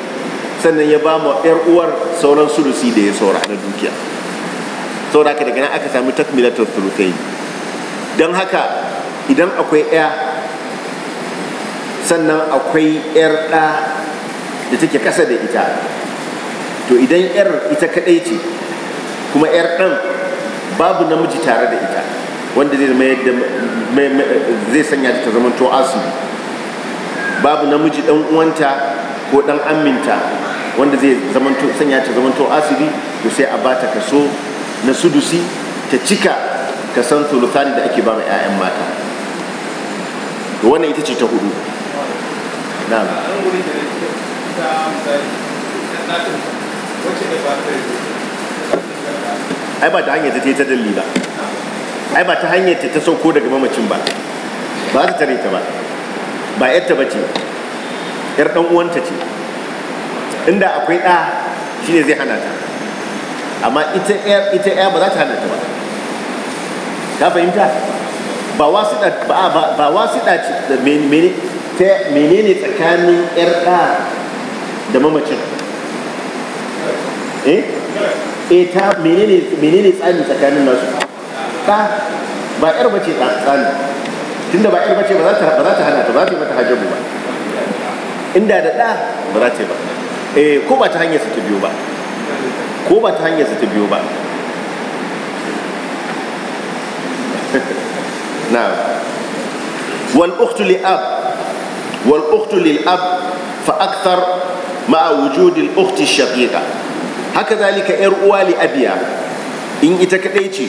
Speaker 1: sannan ya ba mu yar uwar sauran sulusi da ya saura na dukiya saura haka daga nan aka sami takmilatul thulutain don haka idan akwai ɗaya. sannan akwai yar ɗa da take ƙasa da ita to idan yar ita kaɗai ce kuma yar ɗan babu namiji tare da ita wanda zai sanya ta zama to asibi babu namiji ɗan uwanta ko dan aminta wanda zai zamanto sanya ta zamanto asiri to sai a bata kaso na sudusi ta cika ka san thuluthani da ake ba ma 'ya'yan mata to wannan ita ce ta hudu na'am ai ba ta hanyar ta ta dalli ba ai ba ta hanyar ta ta sauko daga mamacin ba ba za ta tare ta ba ba yadda ba ce yar dan uwanta ce inda akwai ɗa shine zai hana ta amma ita ɗaya ita ya ba za ta hana ta ba ka fahimta ba wasiɗa ba ba wasiɗa ce menene ta menene tsakanin yar ɗa da mamacin eh eh ta menene menene tsani tsakanin nasu ɗa ba yar bace tsani tunda ba yar bace ba za ta ba za ta hana ta ba za ta mata hajjabu ba inda da ɗa ba za ta yi ba eh ko ba ta hanyar su ta biyo ba ko ba ta hanyar su ta biyo ba na wal ukhtu li ab wal ukhtu lil ab fa akthar ma wujud al ukhti shaqiqa haka zalika yar uwa li abiya in ita kadai ce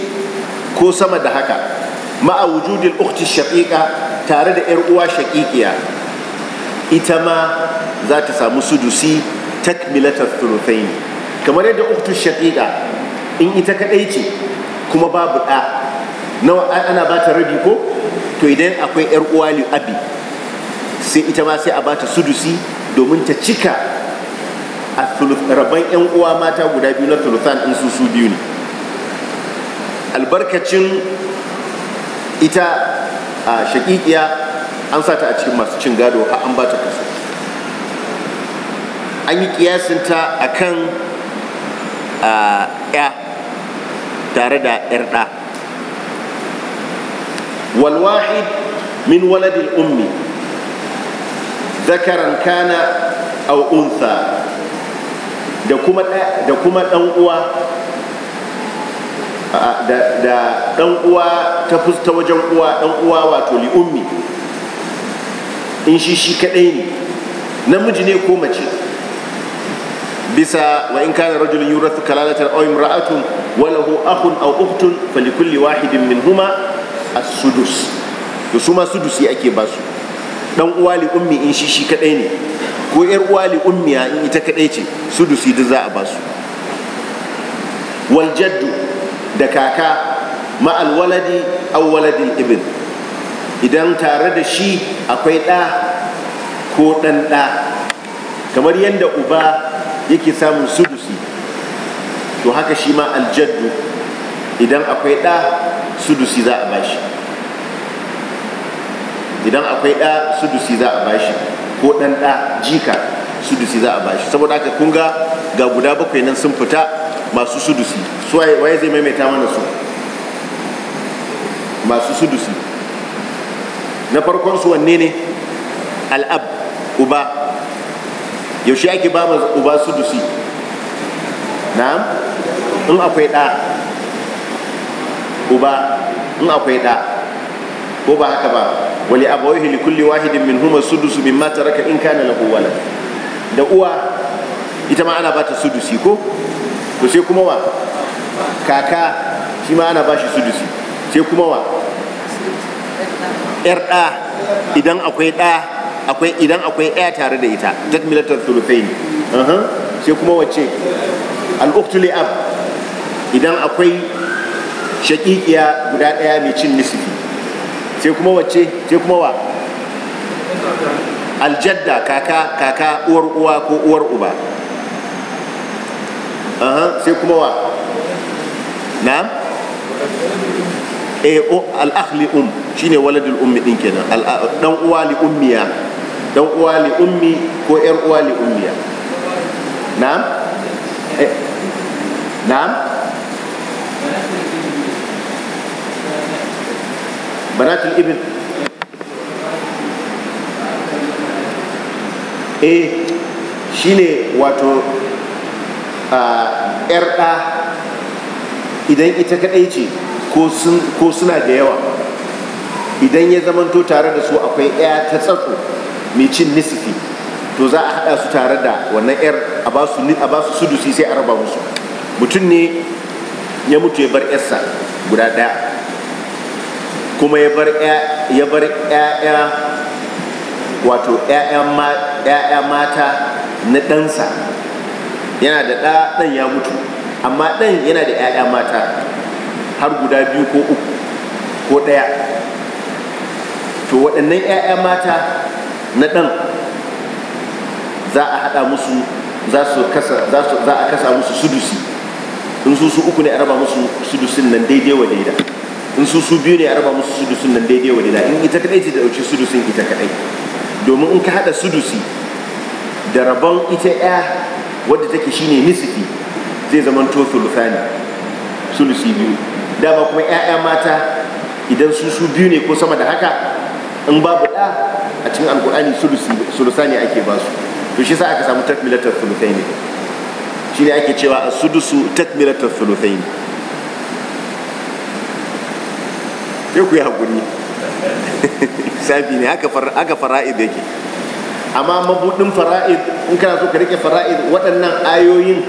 Speaker 1: ko sama da haka ma ma'a al ukhti shaqiqa tare da yar uwa shaqiqiya ita ma za ta samu sudusi takmilata thuluthaini kamar yadda uktu shaqiqa in ita kadai ce kuma babu ɗa nawa ana ba ta rabi ko to idan akwai yar uwa abi sai ita ma sai a ba ta sudusi domin ta cika a rabban yan uwa mata guda biyu na thuluthan in su su biyu ne albarkacin ita a shaqiqiya an sa ta a cikin masu cin gado har an ba ta kaso an yi kiyasinta a kan ya tare da yar ɗa walwahid min waladil ummi zakaran kana aw untha da kuma da kuma dan uwa da dan uwa ta fusta wajen uwa dan uwa wato li ummi in shi shi kadai ne namiji ne ko mace bisa wa in kana rajulun yurathu kalalatan aw imra'atun wa lahu akhun aw ukhtun kulli wahidin minhuma as-sudus to su sudusi ake ba su dan uwa li ummi in shi shi kadai ne ko yar uwa li ummiya in ita kadai ce sudusi duk za a ba su wal jaddu da kaka ma al waladi aw waladil ibn idan tare da shi akwai ɗa ko ɗan ɗa kamar yadda uba yake samun sudusi to haka shi ma aljaddu idan akwai ɗa sudusi za a bashi idan akwai ɗa sudusi za a bashi ko ɗan ɗa jika sudusi za a bashi saboda haka kun ga ga guda bakwai nan sun fita masu sudusi waye zai maimaita mana su masu sudusi na farkon su wanne ne al'ab uba yaushe ake ba uba su dusi na'am in akwai ɗa uba in akwai ɗa ko ba haka ba wali abawaihi li kulli wahidin min huma sudusu mata raka in kana lahu walad da uwa ita ma ana bata sudusi ko to sai kuma wa kaka shi ma ana bashi sudusi sai kuma wa 'yar ɗa idan akwai ɗa akwai idan akwai ɗaya tare da ita takmilatul thuluthaini sai kuma wacce al-ukhtu ab idan akwai shaƙiƙiya guda ɗaya mai cin nisfi sai kuma wacce sai kuma wa aljadda kaka kaka uwar uwa ko uwar uba sai kuma wa na'am Eh, al'akh li um shine waladul ummi din kenan dan uwa li ummiya dan uwa li ummi ko yar uwa li ummiya na'am eh, na'am banatul ibn eh shine wato ah, yar da idan ita kadai ce ko suna da yawa idan ya zamanto tare da su akwai 'ya ta tsatso mai cin nisifi to za a haɗa su tare da wannan 'yar a ba su sudusi sai a raba musu mutum ne ya mutu ya bar 'yarsa guda ɗaya kuma ya bar 'ya'ya wato mata na ɗansa yana da ɗan ya mutu amma ɗan yana da 'ya'ya mata har guda biyu ko uku ko ɗaya to waɗannan 'ya'ya mata na ɗan za a haɗa musu za a kasa musu sudusi in su su uku ne a raba musu sudusin nan daidai wa daida in su su biyu ne a raba musu sudusin nan daidai wa daida in ita kadai ce da ɗauki sudusin ita kadai domin in ka haɗa sudusi da rabon ita ya wadda take shine nisifi zai zama to sulufani sulusi biyu dama kuma 'ya'ya mata idan su su biyu ne ko sama da haka in babu da? a cikin alkur'ani sulusa ne ake ba su to shi sa aka samu takmilatar sulusai ne shi ne ake cewa a sudusu takmilatar sulusai ne ya ku yi haƙuri sabi ne haka fara'id yake amma mabudin fara'id in kana so ka rike fara'id waɗannan ayoyin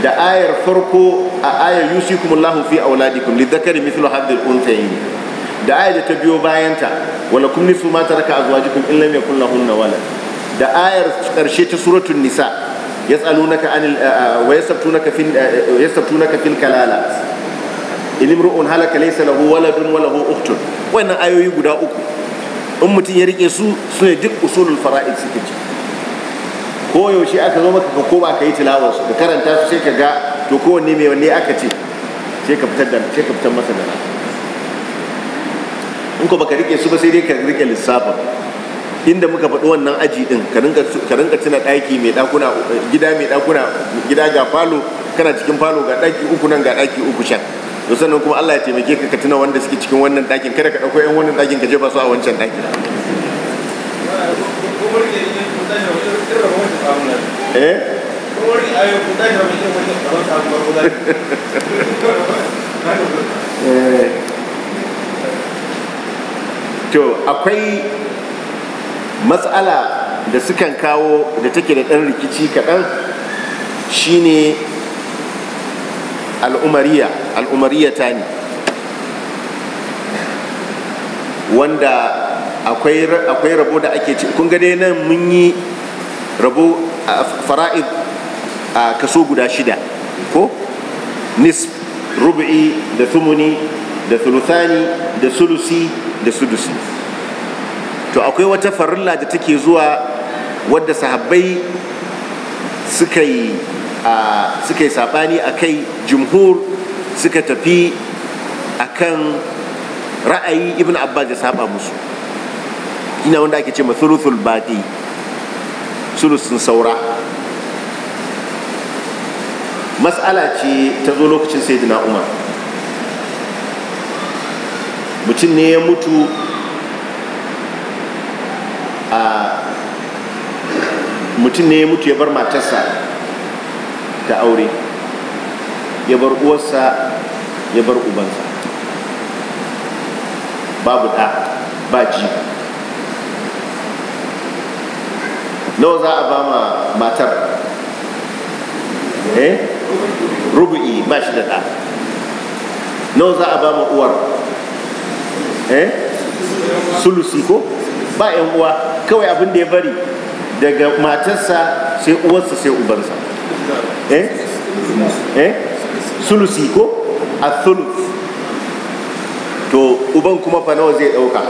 Speaker 1: da ayar farko a ayar yusikumullahu fi auladikum lidhakari mithlu hadhihi al-unthayayn da ayar da ta biyo bayanta wala kum nisu ma taraka azwajukum in lam yakul lahunna walad da ayar karshe ta suratul nisa yas'alunaka anil wa yastabtunaka fi yastabtunaka fil kalala in imru'un halaka laysa lahu waladun wa lahu ukhtun wannan ayoyi guda uku in mutum ya rike su sune duk usulul fara'id suke ciki ko yaushe aka zo maka ka koma ka yi tilawar su ka karanta su sai ka ga to kowanne mai wanne aka ce sai ka fitar da sai ka fitar masa da in ko baka rike su ba sai dai ka rike lissafin inda muka faɗi wannan aji din ka rinka tuna ɗaki mai ɗakuna gida mai ɗakuna gida ga falo kana cikin falo ga ɗaki uku nan ga ɗaki uku shan to sannan kuma Allah ya taimake ka ka tuna wanda suke cikin wannan ɗakin kada ka ɗauko ƴan wannan ɗakin ka jefa su a wancan ɗakin Eh? to akwai matsala da sukan kawo da take da ɗan rikici kaɗan shine al'umariya al'umariya ta ne wanda akwai rabo da ake ci kun dai nan mun yi rabu fara'id a kaso guda shida ko nisf rubu'i da thumuni da thuluthani da sulusi da sudusi to akwai wata farilla da take zuwa wadda sahabbai suka yi suka yi saɓani a kai jumhur suka tafi akan ra'ayi ibn abbas ya saba musu ina wanda ake ce mathuluthul baqi sulusun saura matsala ce ta zo lokacin sayyidina umar mutum ne ya mutu a mutum ne ya mutu ya bar matarsa ta aure ya bar uwarsa ya bar ubansa babu ɗa ba ji nawa za a ba ma matar eh rubu'i ba shi da ɗa nawa za a ba ma uwar eh sulusi ko ba yan uwa kawai abin da ya bari daga matarsa sai uwarsa sai ubansa eh eh sulusi ko a sulus to uban kuma fa nawa zai ɗauka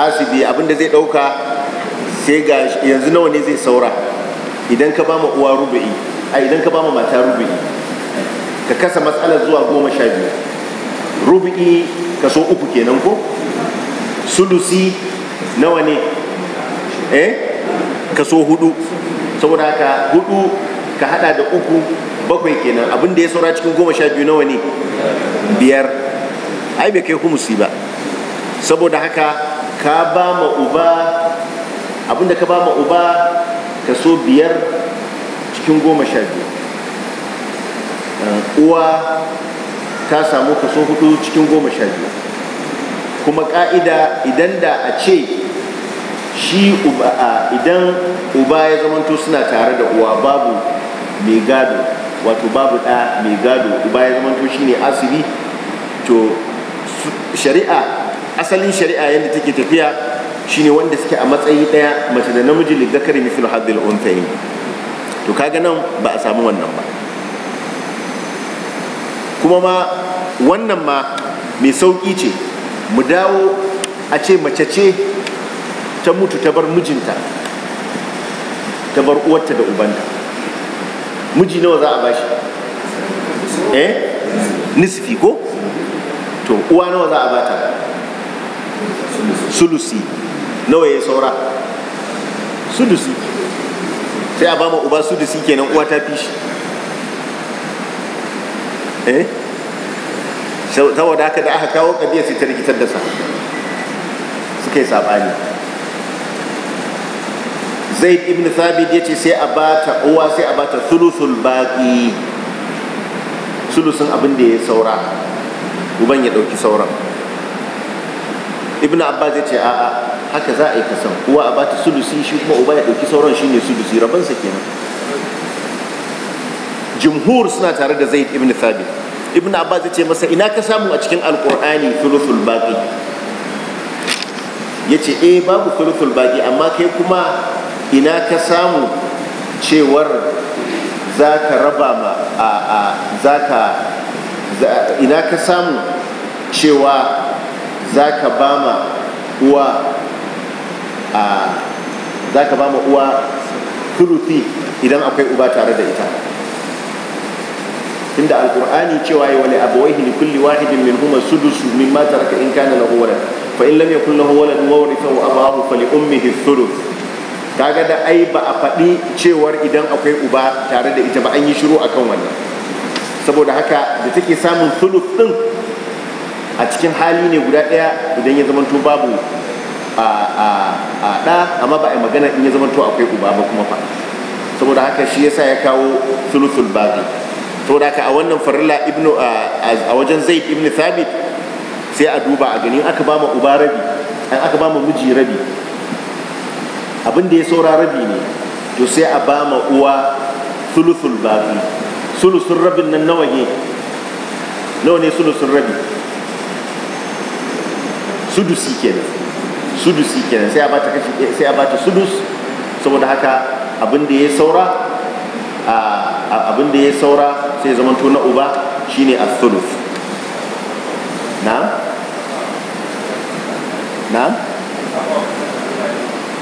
Speaker 1: asibi abinda zai ɗauka sai ga yanzu nawa ne zai saura idan ka ba ma uwa rubu'i a idan ka ba ma mata rubu'i ka kasa matsalar zuwa goma sha biyu rubu'i kaso uku kenan ko sulusi nawa ne eh kaso hudu saboda haka hudu ka hada da uku bakwai kenan abin da ya saura cikin goma sha biyu nawa ne biyar ai bai kai humusi ba saboda haka ka ba ma uba abinda ka ba ma uba kaso biyar cikin goma sha biyu. Eh, uwa ta samu kaso hudu cikin goma sha biyu. kuma ka'ida idan da a ce shi uba idan uba ya zamanto suna tare da uwa babu mai gado wato babu ɗa mai gado uba ya zamanto shi ne asiri to shari'a asalin shari'a yadda take tafiya shine wanda suke a matsayi daya mace da namiji zakari mithlu hadhil untayin to kaga nan ba a samu wannan ba kuma ma wannan ma mai sauki ce mu dawo a ce mace ce ta mutu ta bar mijinta ta bar uwarta da ubanta miji nawa za a bashi eh nisfi ko to uwa nawa za a bata sulusi nawa ya saura sudusi sai a ba ma uba sudusi kenan uwa ta fi shi eh saboda haka da aka kawo kabiya sai ta rikitar da sa suka yi sabani Zai ibn thabit ya ce sai a bata uwa sai a bata sulusul baƙi. sulusun abin da ya saura uban ya dauki sauran ibn abbas ya ce a'a haka za a yi kasan uwa a bata sulusi shi kuma uba ya ɗauki sauran shine sulusi rabansa kenan jumhur suna tare da zaid ibn thabit ibn abbas ya ce masa ina ka samu a cikin alqur'ani thuluthul baqi yace eh babu thuluthul baqi amma kai kuma ina ka samu cewar za ka raba ma a a za ka ina ka samu cewa za ka ba ma uwa a za ka ba ma uwa turufi idan akwai uba tare da ita inda alkur'ani cewa ya wani abawaihi li kulli wahidin min huma sudusu ma taraka in kana lahu walad fa in lam yakul lahu walad wa warithahu abahu fa li ummihi thuluth kaga da ai ba a faɗi cewar idan akwai uba tare da ita ba an yi shiru akan wannan saboda haka da take samun thuluth din a cikin hali ne guda ɗaya idan ya zama babu a ɗa amma ba a magana in ya zama to akwai uba ba kuma fa saboda haka shi yasa ya kawo sulusul babi saboda haka a wannan farilla ibnu a wajen zaid ibn thabit sai a duba a gani aka ba mu uba rabi an aka ba mu miji rabi abin da ya saura rabi ne to sai a ba mu uwa sulusul babi sulusul rabin nan nawa ne nawa ne sulusul rabi sudusi kenan sudusi kenan sai a bata kashi sai a bata sudus saboda haka abin da ya saura abin da ya saura sai zama na uba shine a sudus na na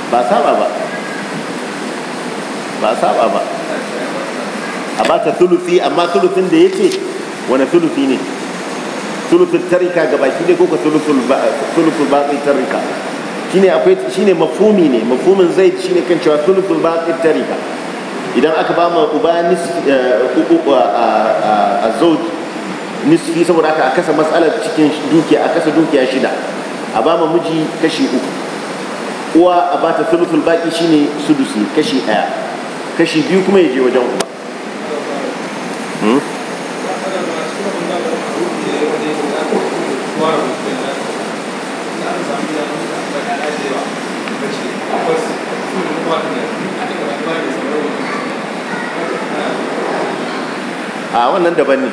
Speaker 1: ba saba ba ba saba ba a bata sulufi amma sulufin da ya ce wani sulufi ne sulufin tarika ga baki ne ko ka sulufin baƙi tarika shine akwai shine mafumi ne mafumin zaid shine kan cewa thuluthul baqi tariqa idan aka ba ma uba eh, a azwaj nisfi saboda aka kasa matsalar cikin dukiya a kasa dukiya shida a ba ma miji kashi uku uwa a ba ta thuluthul baqi shine sudusi kashi daya kashi biyu kuma ya je wajen uba hmm? wannan daban ne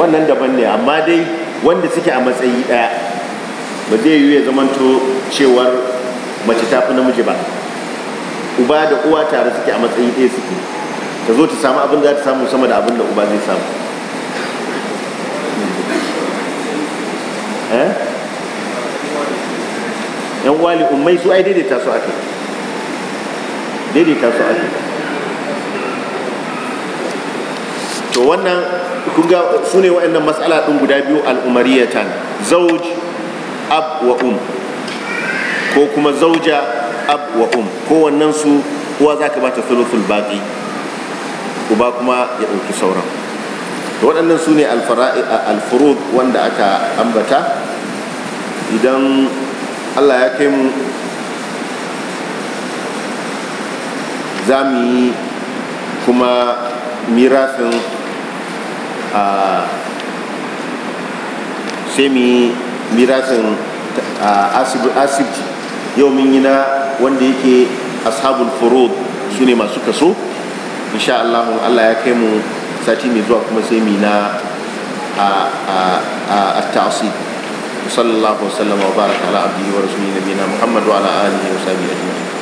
Speaker 1: wannan daban ne amma dai wanda suke a matsayi ɗaya ba zai yiwu ya zamanto cewar mace ta fi namiji ba uba da uwa tare suke a matsayi ɗaya suke ta zo ta samu abin da ta samu sama da abin da uba zai samu eh? yan wali ummai su ai daidaita su ake daidaita su ake to wannan kunga su ne wa'annan matsala ɗin guda biyu al'umariyatan zauj ab wa um ko kuma zauja ab wa um wannan su uwa za ka bata sulusul baƙi uba kuma ya ɗauki sauran to waɗannan su ne alfurud wanda aka ambata idan allah ya kai mu za mu yi kuma mirafin. a semi yi mirasin asibiti yau mun yi na wanda yake ashabul furud su ne masu kaso insha Allah Allah ya kai mu sati mai zuwa kuma sai na a ta'asi sallallahu alaihi wa sallam baraka ala abdihi wa rasulihi nabiyina Muhammad ala alihi wa sahbihi ajma'in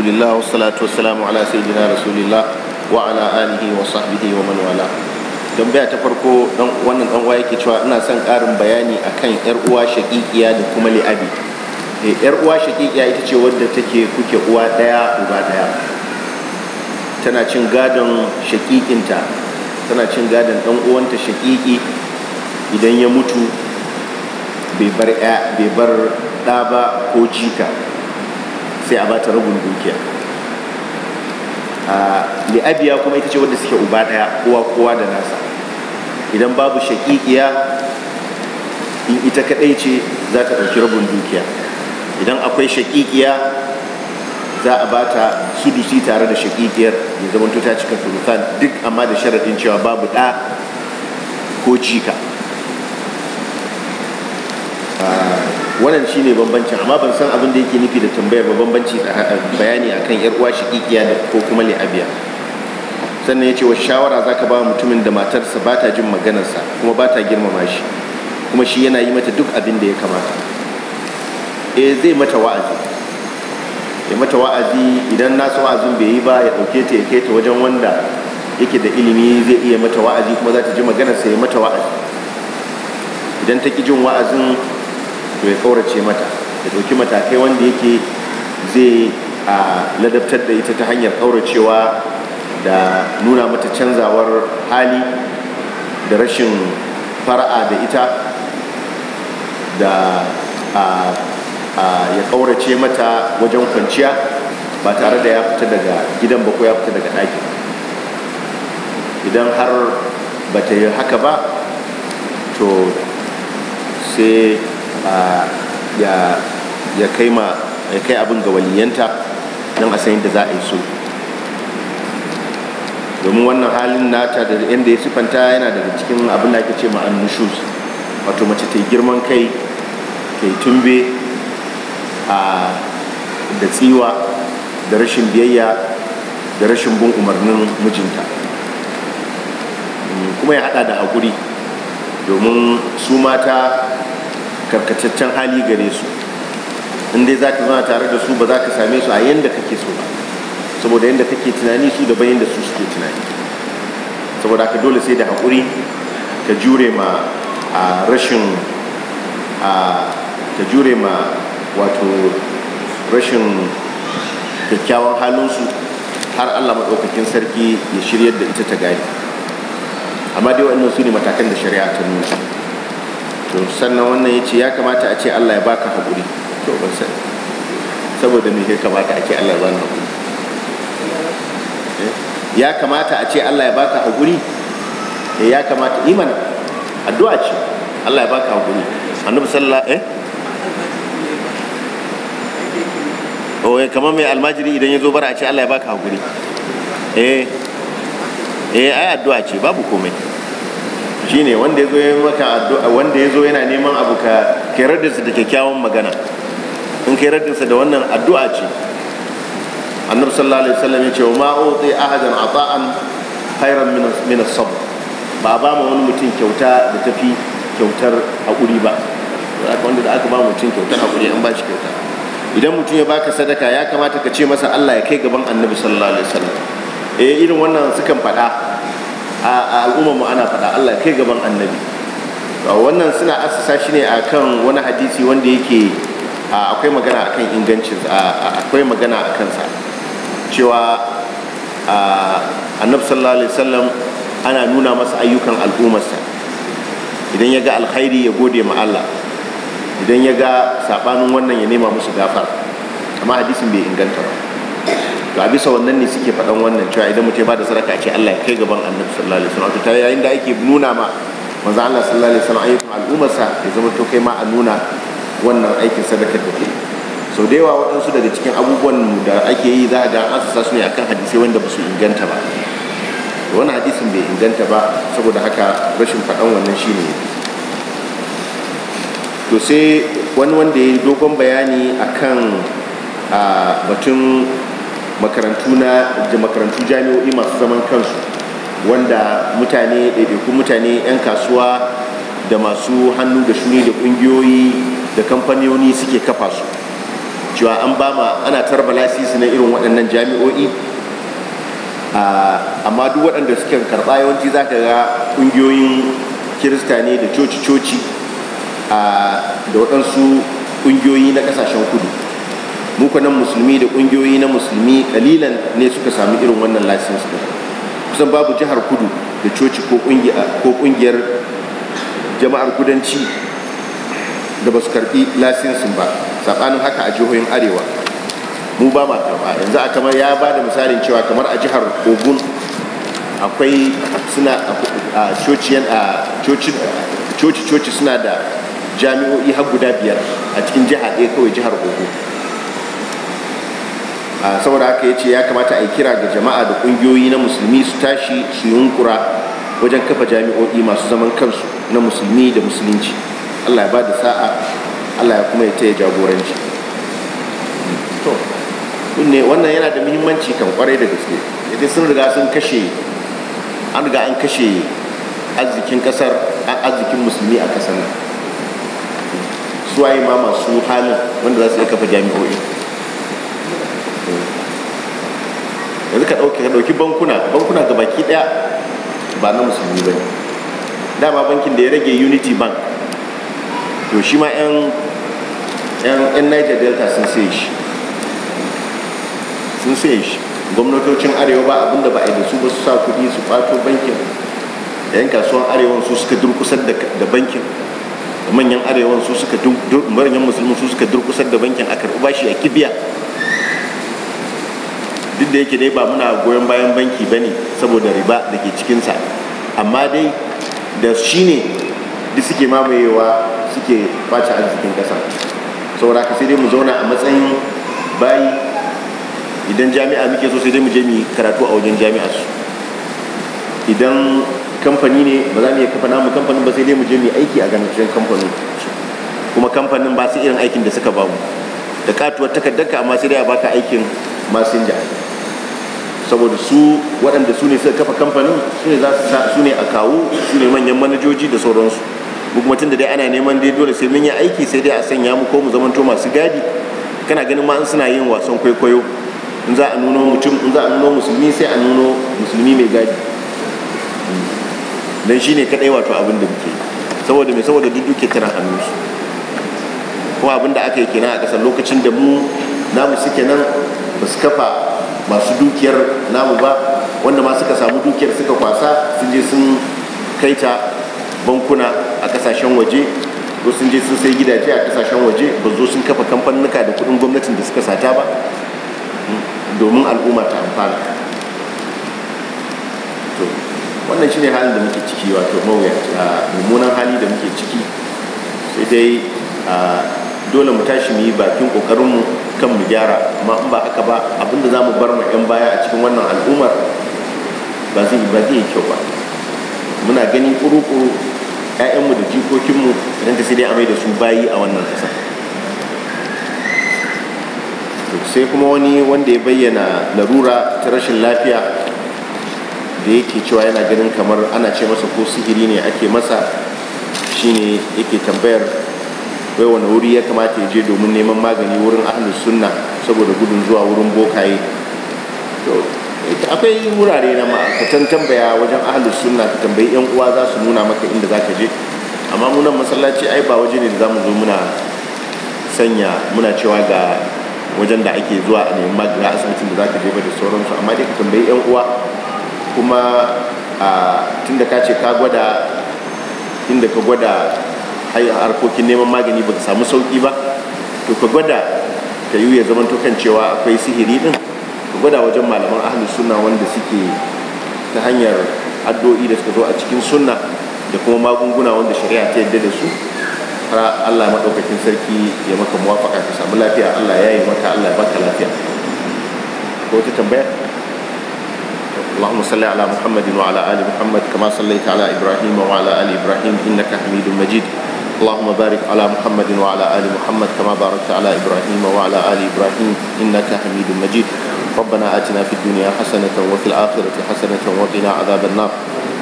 Speaker 1: alhamdulillah wassalatu salamu ala sayyidina rasulillah wa ala alihi wa sahbihi wa man wala tambaya ta farko dan wannan dan uwa yake cewa ina son karin bayani akan yar uwa shaqiqiya da kuma li'abi eh yar uwa shaqiqiya ita ce wadda take kuke uwa daya uba daya tana cin gadon shaqiqinta tana cin gadon dan uwanta shaqiqi idan ya mutu bai bar ɗa ba ko jika sai a bata rabin dukiya a ah, abiya kuma ita ce wanda suke uba ɗaya kowa kowa da nasa idan babu shaƙiƙiya in ita kaɗai ce za ta ɗauki rabin dukiya idan akwai shaƙiƙiya za a bata sudusi tare da shaƙiƙiyar ya zamanto ta cika duk amma da sharaɗin cewa babu ɗa ko ci wannan ne bambancin amma ban san abin da yake nufi da tambayar ba bambanci ah, ah, bayani akan yar uwa kikiya da ko kuma li'abiya sannan ya ce wa shawara za ka ba mutumin da matarsa ba ta jin maganarsa kuma ba ta girmama shi kuma shi yana yi mata duk abin da ya kamata e zai mata wa'azi ya mata wa'azi idan nasu wa'azin bai yi ba ya ɗauke ta ya kai ta wajen wanda yake da ilimi zai iya mata wa'azi kuma za ta ji maganarsa ya mata wa'azi idan ta ki jin wa'azin to ya kaurace mata ya ɗauki matakai wanda yake zai a ladabtar da ita ta hanyar kauracewa da nuna mata canzawar hali da rashin fara'a da ita da ya kaurace mata wajen kwanciya ba tare da ya fita daga gidan ba ko ya fita daga ɗaki idan har ba ta yi haka ba to sai ya kai ma ya kai abin ga waliyanta don a san yadda za a yi so domin wannan halin nata da yadda ya sifanta yana daga cikin abin da ake ce ma'an wato mace ta yi girman kai ta yi tumbe da tsiwa da rashin biyayya da rashin bin umarnin mijinta mm, kuma ya hada da haƙuri domin su mata karkataccen hali gare su in dai za ka zauna tare da su ba za ka same su a yadda kake so ba saboda yadda kake tunani su da bayan da su suke tunani saboda ka dole sai da haƙuri ka jure ma a rashin a ka jure ma wato rashin kyakkyawan halinsu har allah maɗaukakin sarki ya shiryar da ita ta gani amma dai waɗannan su ne matakan da shari'a ta nuna to sannan wannan ya ce ya kamata a ce Allah ya baka haƙuri to ban sani saboda me ya kamata a ce Allah ya baka haƙuri eh? ya kamata a ce Allah ya baka haƙuri eh, ya kamata iman addu'a ce Allah ya baka haƙuri annabi sallallahu eh o oh, eh, kamar mai almajiri idan ya zo bara a ce Allah ya baka haƙuri eh eh ai addu'a ce babu komai Shi ne wanda ya zo maka addu'a wanda yana neman abu ka kai raddinsa da kyakkyawan magana in kai raddinsa da wannan addu'a ce annabi sallallahu alaihi wasallam ya ce wa ma uti ahadan ata'an khairan min min as-sabr ba ba ma wani mutum kyauta da tafi kyautar hakuri ba wanda da aka ba mutum kyautar hakuri an ba shi kyauta idan mutum ya baka sadaka ya kamata ka ce masa Allah ya kai gaban annabi sallallahu alaihi wasallam eh irin wannan sukan faɗa a al'ummar mu ana faɗa Allah kai gaban annabi wannan suna asasa shi ne akan wani hadisi wanda yake akwai magana akan ingancin akwai magana akan sa cewa annabi sallallahu alaihi wasallam ana nuna masa ayyukan al'ummarsa idan ya ga alkhairi ya gode ma Allah idan ya ga sabanin wannan ya nema musu gafar amma hadisin bai inganta ba to bisa wannan ne suke faɗan wannan cewa idan mutum ba da sadaka ce Allah ya kai gaban annabi sallallahu alaihi wasallam to yayin da ake nuna ma manzo Allah sallallahu alaihi wasallam ayyukan al'ummarsa ya zama to kai ma a nuna wannan aikin sadaka da ke. sau da yawa waɗansu daga cikin abubuwan da ake yi za a ga an sassa su ne akan hadisai wanda ba su inganta ba wani hadisin bai inganta ba saboda haka rashin faɗan wannan shine to sai wani wanda ya yi dogon bayani akan ah, batun makarantu na makarantu jami'o'i masu zaman kansu wanda mutane ɗaiɗaikun mutane 'yan kasuwa da masu hannu da shuni da ƙungiyoyi da kamfanoni suke kafa su cewa an ba ma ana tarba lasisi na irin waɗannan jami'o'i amma duk waɗanda suke karɓa yawanci za ka ga ƙungiyoyin kirista ne da coci-coci da waɗansu ƙungiyoyi na ƙasashen kudu mu musulmi da kungiyoyi na musulmi kalilan ne suka sami irin wannan license din kusan babu jihar kudu da coci ko kungiyar jama'ar kudanci da ba su karbi lasinsin ba saɓanin haka a jihohin arewa mu ba ma karɓa yanzu a kamar ya ba da misalin cewa kamar a jihar ogun akwai suna a cociyan a coci coci suna da jami'o'i har guda biyar a cikin jiha ɗaya kawai jihar ogun saboda haka ya ce ya kamata a yi kira ga jama'a da ƙungiyoyi na musulmi su tashi su yunkura wajen kafa jami'o'i masu zaman kansu na musulmi da musulunci allah ya ba da sa'a allah ya kuma ya taya jagoranci to wannan yana da muhimmanci kan kwarai da gaske yadda sun riga sun kashe an riga an kashe arzikin kasar arzikin musulmi a kasar nan suwaye ma masu halin wanda za su iya kafa jami'o'i yanzu ka ɗauki ka ɗauki bankuna bankuna ga baki ɗaya ba na musulmi ba ne dama bankin da ya rage unity bank to shi ma 'yan yan niger delta sun sai shi sun sai shi gwamnatocin arewa ba abinda ba a yi da su ba su sa kuɗi su fato bankin da yan kasuwan arewan su suka durkusar da bankin manyan arewan su suka manyan su suka durkusar da bankin a karɓi bashi a kibiya duk da yake dai ba muna goyon bayan banki ba ne saboda riba da ke cikinsa amma dai da shi ne da suke mamayewa suke face arzikin ƙasa saboda ka sai dai mu zauna a matsayin bayi idan jami'a muke so sai dai mu je mu karatu a wajen jami'a su idan kamfani ne ba za mu iya kafa namu kamfanin ba sai dai mu je mu aiki a ganacin kamfanin kuma kamfanin ba su irin aikin da suka ba mu da katuwar takardar amma sai dai a baka aikin masinja saboda su waɗanda su ne suka kafa kamfanin su ne za su sa su ne a kawo su ne manyan manajoji da sauransu mu kuma da dai ana neman dai dole sai mun yi aiki sai dai a sanya mu ko mu zamanto masu gadi kana ganin ma an suna yin wasan kwaikwayo in za a nuno mutum in za a nuno musulmi sai a nuno musulmi mai gadi dan shine kadai wato abin da muke saboda mai saboda duk duke tana su ko abin da aka yi kenan a ƙasar lokacin da mu namu suke nan ba su kafa masu dukiyar namu ba wanda ma suka samu dukiyar suka kwasa sun je sun kai ta bankuna a kasashen waje ko sun je sun sai gidaje a kasashen waje ba zo sun kafa kamfanuka da kudin gwamnatin da suka sata ba hmm, domin al'umma ta amfana to wannan shine halin da muke ciki wato mawuyaci mummunan hali da muke ciki sai dai dole mu tashi mu yi bakin kokarinmu kan mu gyara amma in ba haka ba abinda za mu bar mu yan baya a cikin wannan al'ummar ba zai ba zai kyau ba muna gani kuru-kuru ƴaƴanmu da jikokinmu idan ta sai dai amai da su bayi a wannan kasa. sai kuma wani wanda ya bayyana larura ta rashin lafiya da yake cewa yana ganin kamar ana ce masa ko sihiri ne ake masa shine yake tambayar wai wani wuri ya kamata ya je domin neman magani wurin ahlus sunna saboda gudun zuwa wurin bokaye akwai wurare na ka tambaya wajen ahlus sunna ka tambayi yan uwa za su nuna maka inda za ka je amma munan masallaci ai ba waje ne da za mu zo muna sanya muna cewa ga wajen da ake zuwa a neman magani a asibitin da za ka je ba da sauransu amma dai ka tambayi yan uwa kuma tun da ka ce ka gwada inda ka gwada harkokin neman magani ba ka samu sauki ba to ka gwada ta yi ya zama kan cewa akwai sihiri din ka gwada wajen malaman ahli sunna wanda suke ta hanyar addu'o'i da suka zo a cikin sunna da kuma magunguna wanda shari'a ta yadda da su har Allah maɗaukakin sarki ya maka muwafaka ka samu lafiya Allah ya yi maka Allah ya baka lafiya ko ta tambaya اللهم صل على محمد وعلى ال محمد كما صليت على ابراهيم وعلى ال ابراهيم انك حميد مجيد اللهم بارك على محمد وعلى آل محمد كما باركت على إبراهيم وعلى آل إبراهيم إنك حميد مجيد ربنا آتنا في الدنيا حسنة وفي الآخرة حسنة وقنا عذاب النار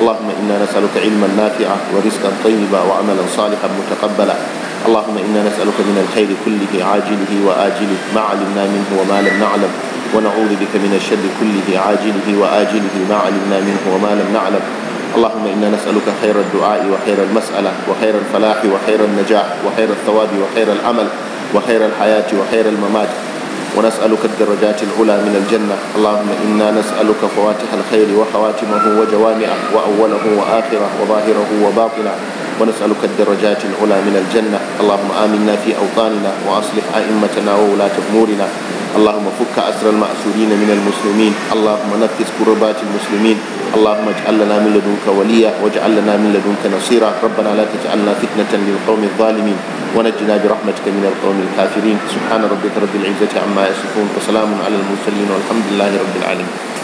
Speaker 1: اللهم إنا نسألك علما نافعا ورزقا طيبا وعملا صالحا متقبلا اللهم إنا نسألك من الخير كله عاجله وآجله ما علمنا منه وما لم نعلم ونعوذ بك من الشر كله عاجله وآجله ما علمنا منه وما لم نعلم اللهم إنا نسألك خير الدعاء وخير المسألة وخير الفلاح وخير النجاح وخير الثواب وخير العمل وخير الحياة وخير الممات ونسألك الدرجات العلى من الجنة اللهم إنا نسألك فواتح الخير وخواتمه وجوامعه وأوله وآخره وظاهره وباطنه ونسألك الدرجات العلى من الجنة اللهم آمنا في أوطاننا وأصلح أئمتنا وولاة أمورنا اللهم فك أسر المأسورين من المسلمين اللهم نفس كربات المسلمين اللهم اجعل لنا من لدنك وليا واجعل لنا من لدنك نصيرا ربنا لا تجعلنا فتنة للقوم الظالمين ونجنا برحمتك من القوم الكافرين سبحان ربك رب العزة عما يصفون وسلام على المرسلين والحمد لله رب العالمين